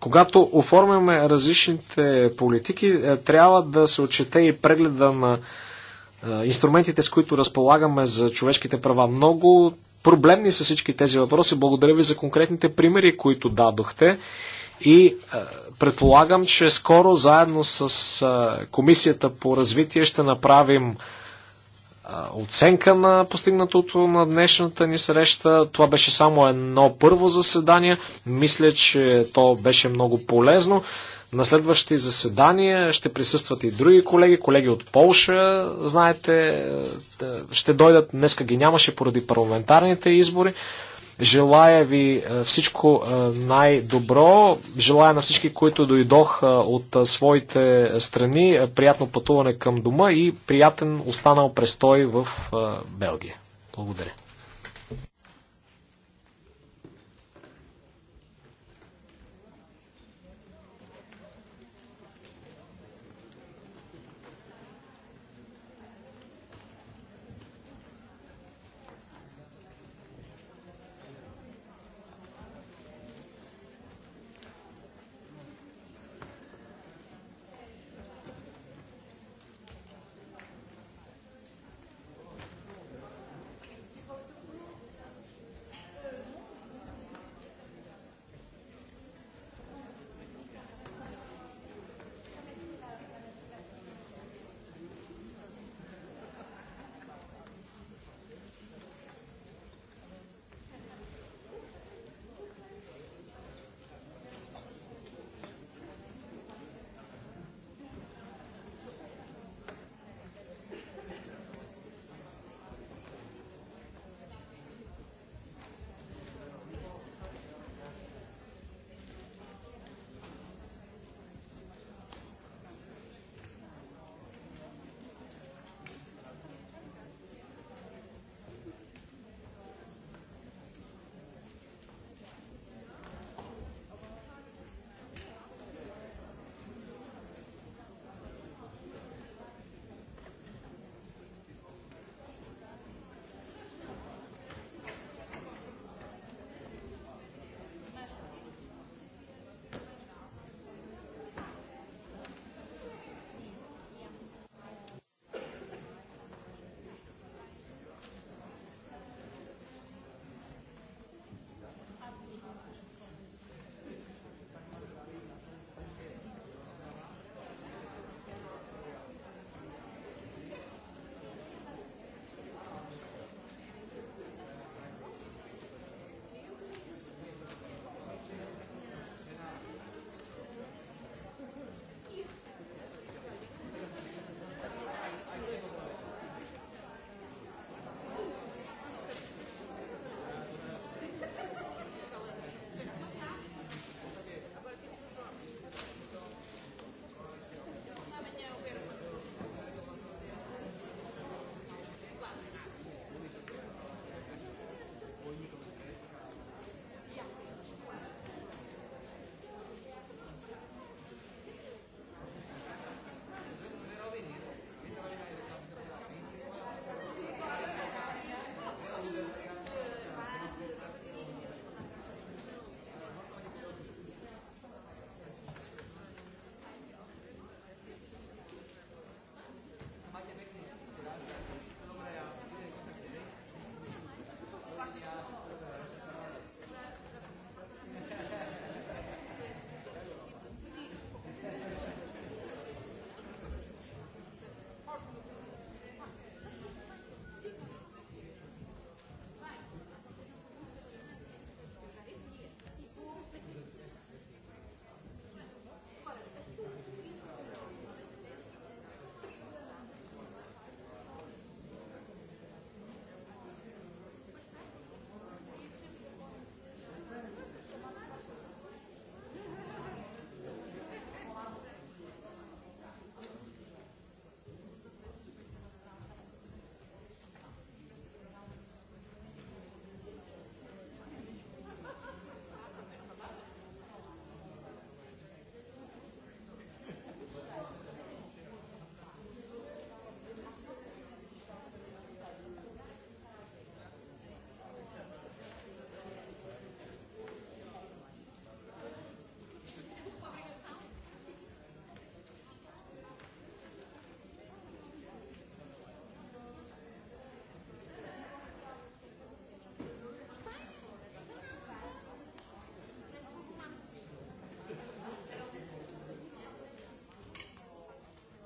Когато оформяме различните политики, е, трябва да се отчете и прегледа на е, инструментите, с които разполагаме за човешките права. Много проблемни са всички тези въпроси. Благодаря ви за конкретните примери, които дадохте. И е, предполагам, че скоро заедно с Комисията по развитие ще направим оценка на постигнатото на днешната ни среща. Това беше само едно първо заседание. Мисля, че то беше много полезно. На следващи заседания ще присъстват и други колеги, колеги от Полша, знаете, е, е, ще дойдат. Днеска ги нямаше поради парламентарните избори. Желая ви е, всичко е, най-добро. Желая на всички, които дойдох е, от своите страни, приятно пътуване към дома и приятен останал престой в Белгия. Благодаря.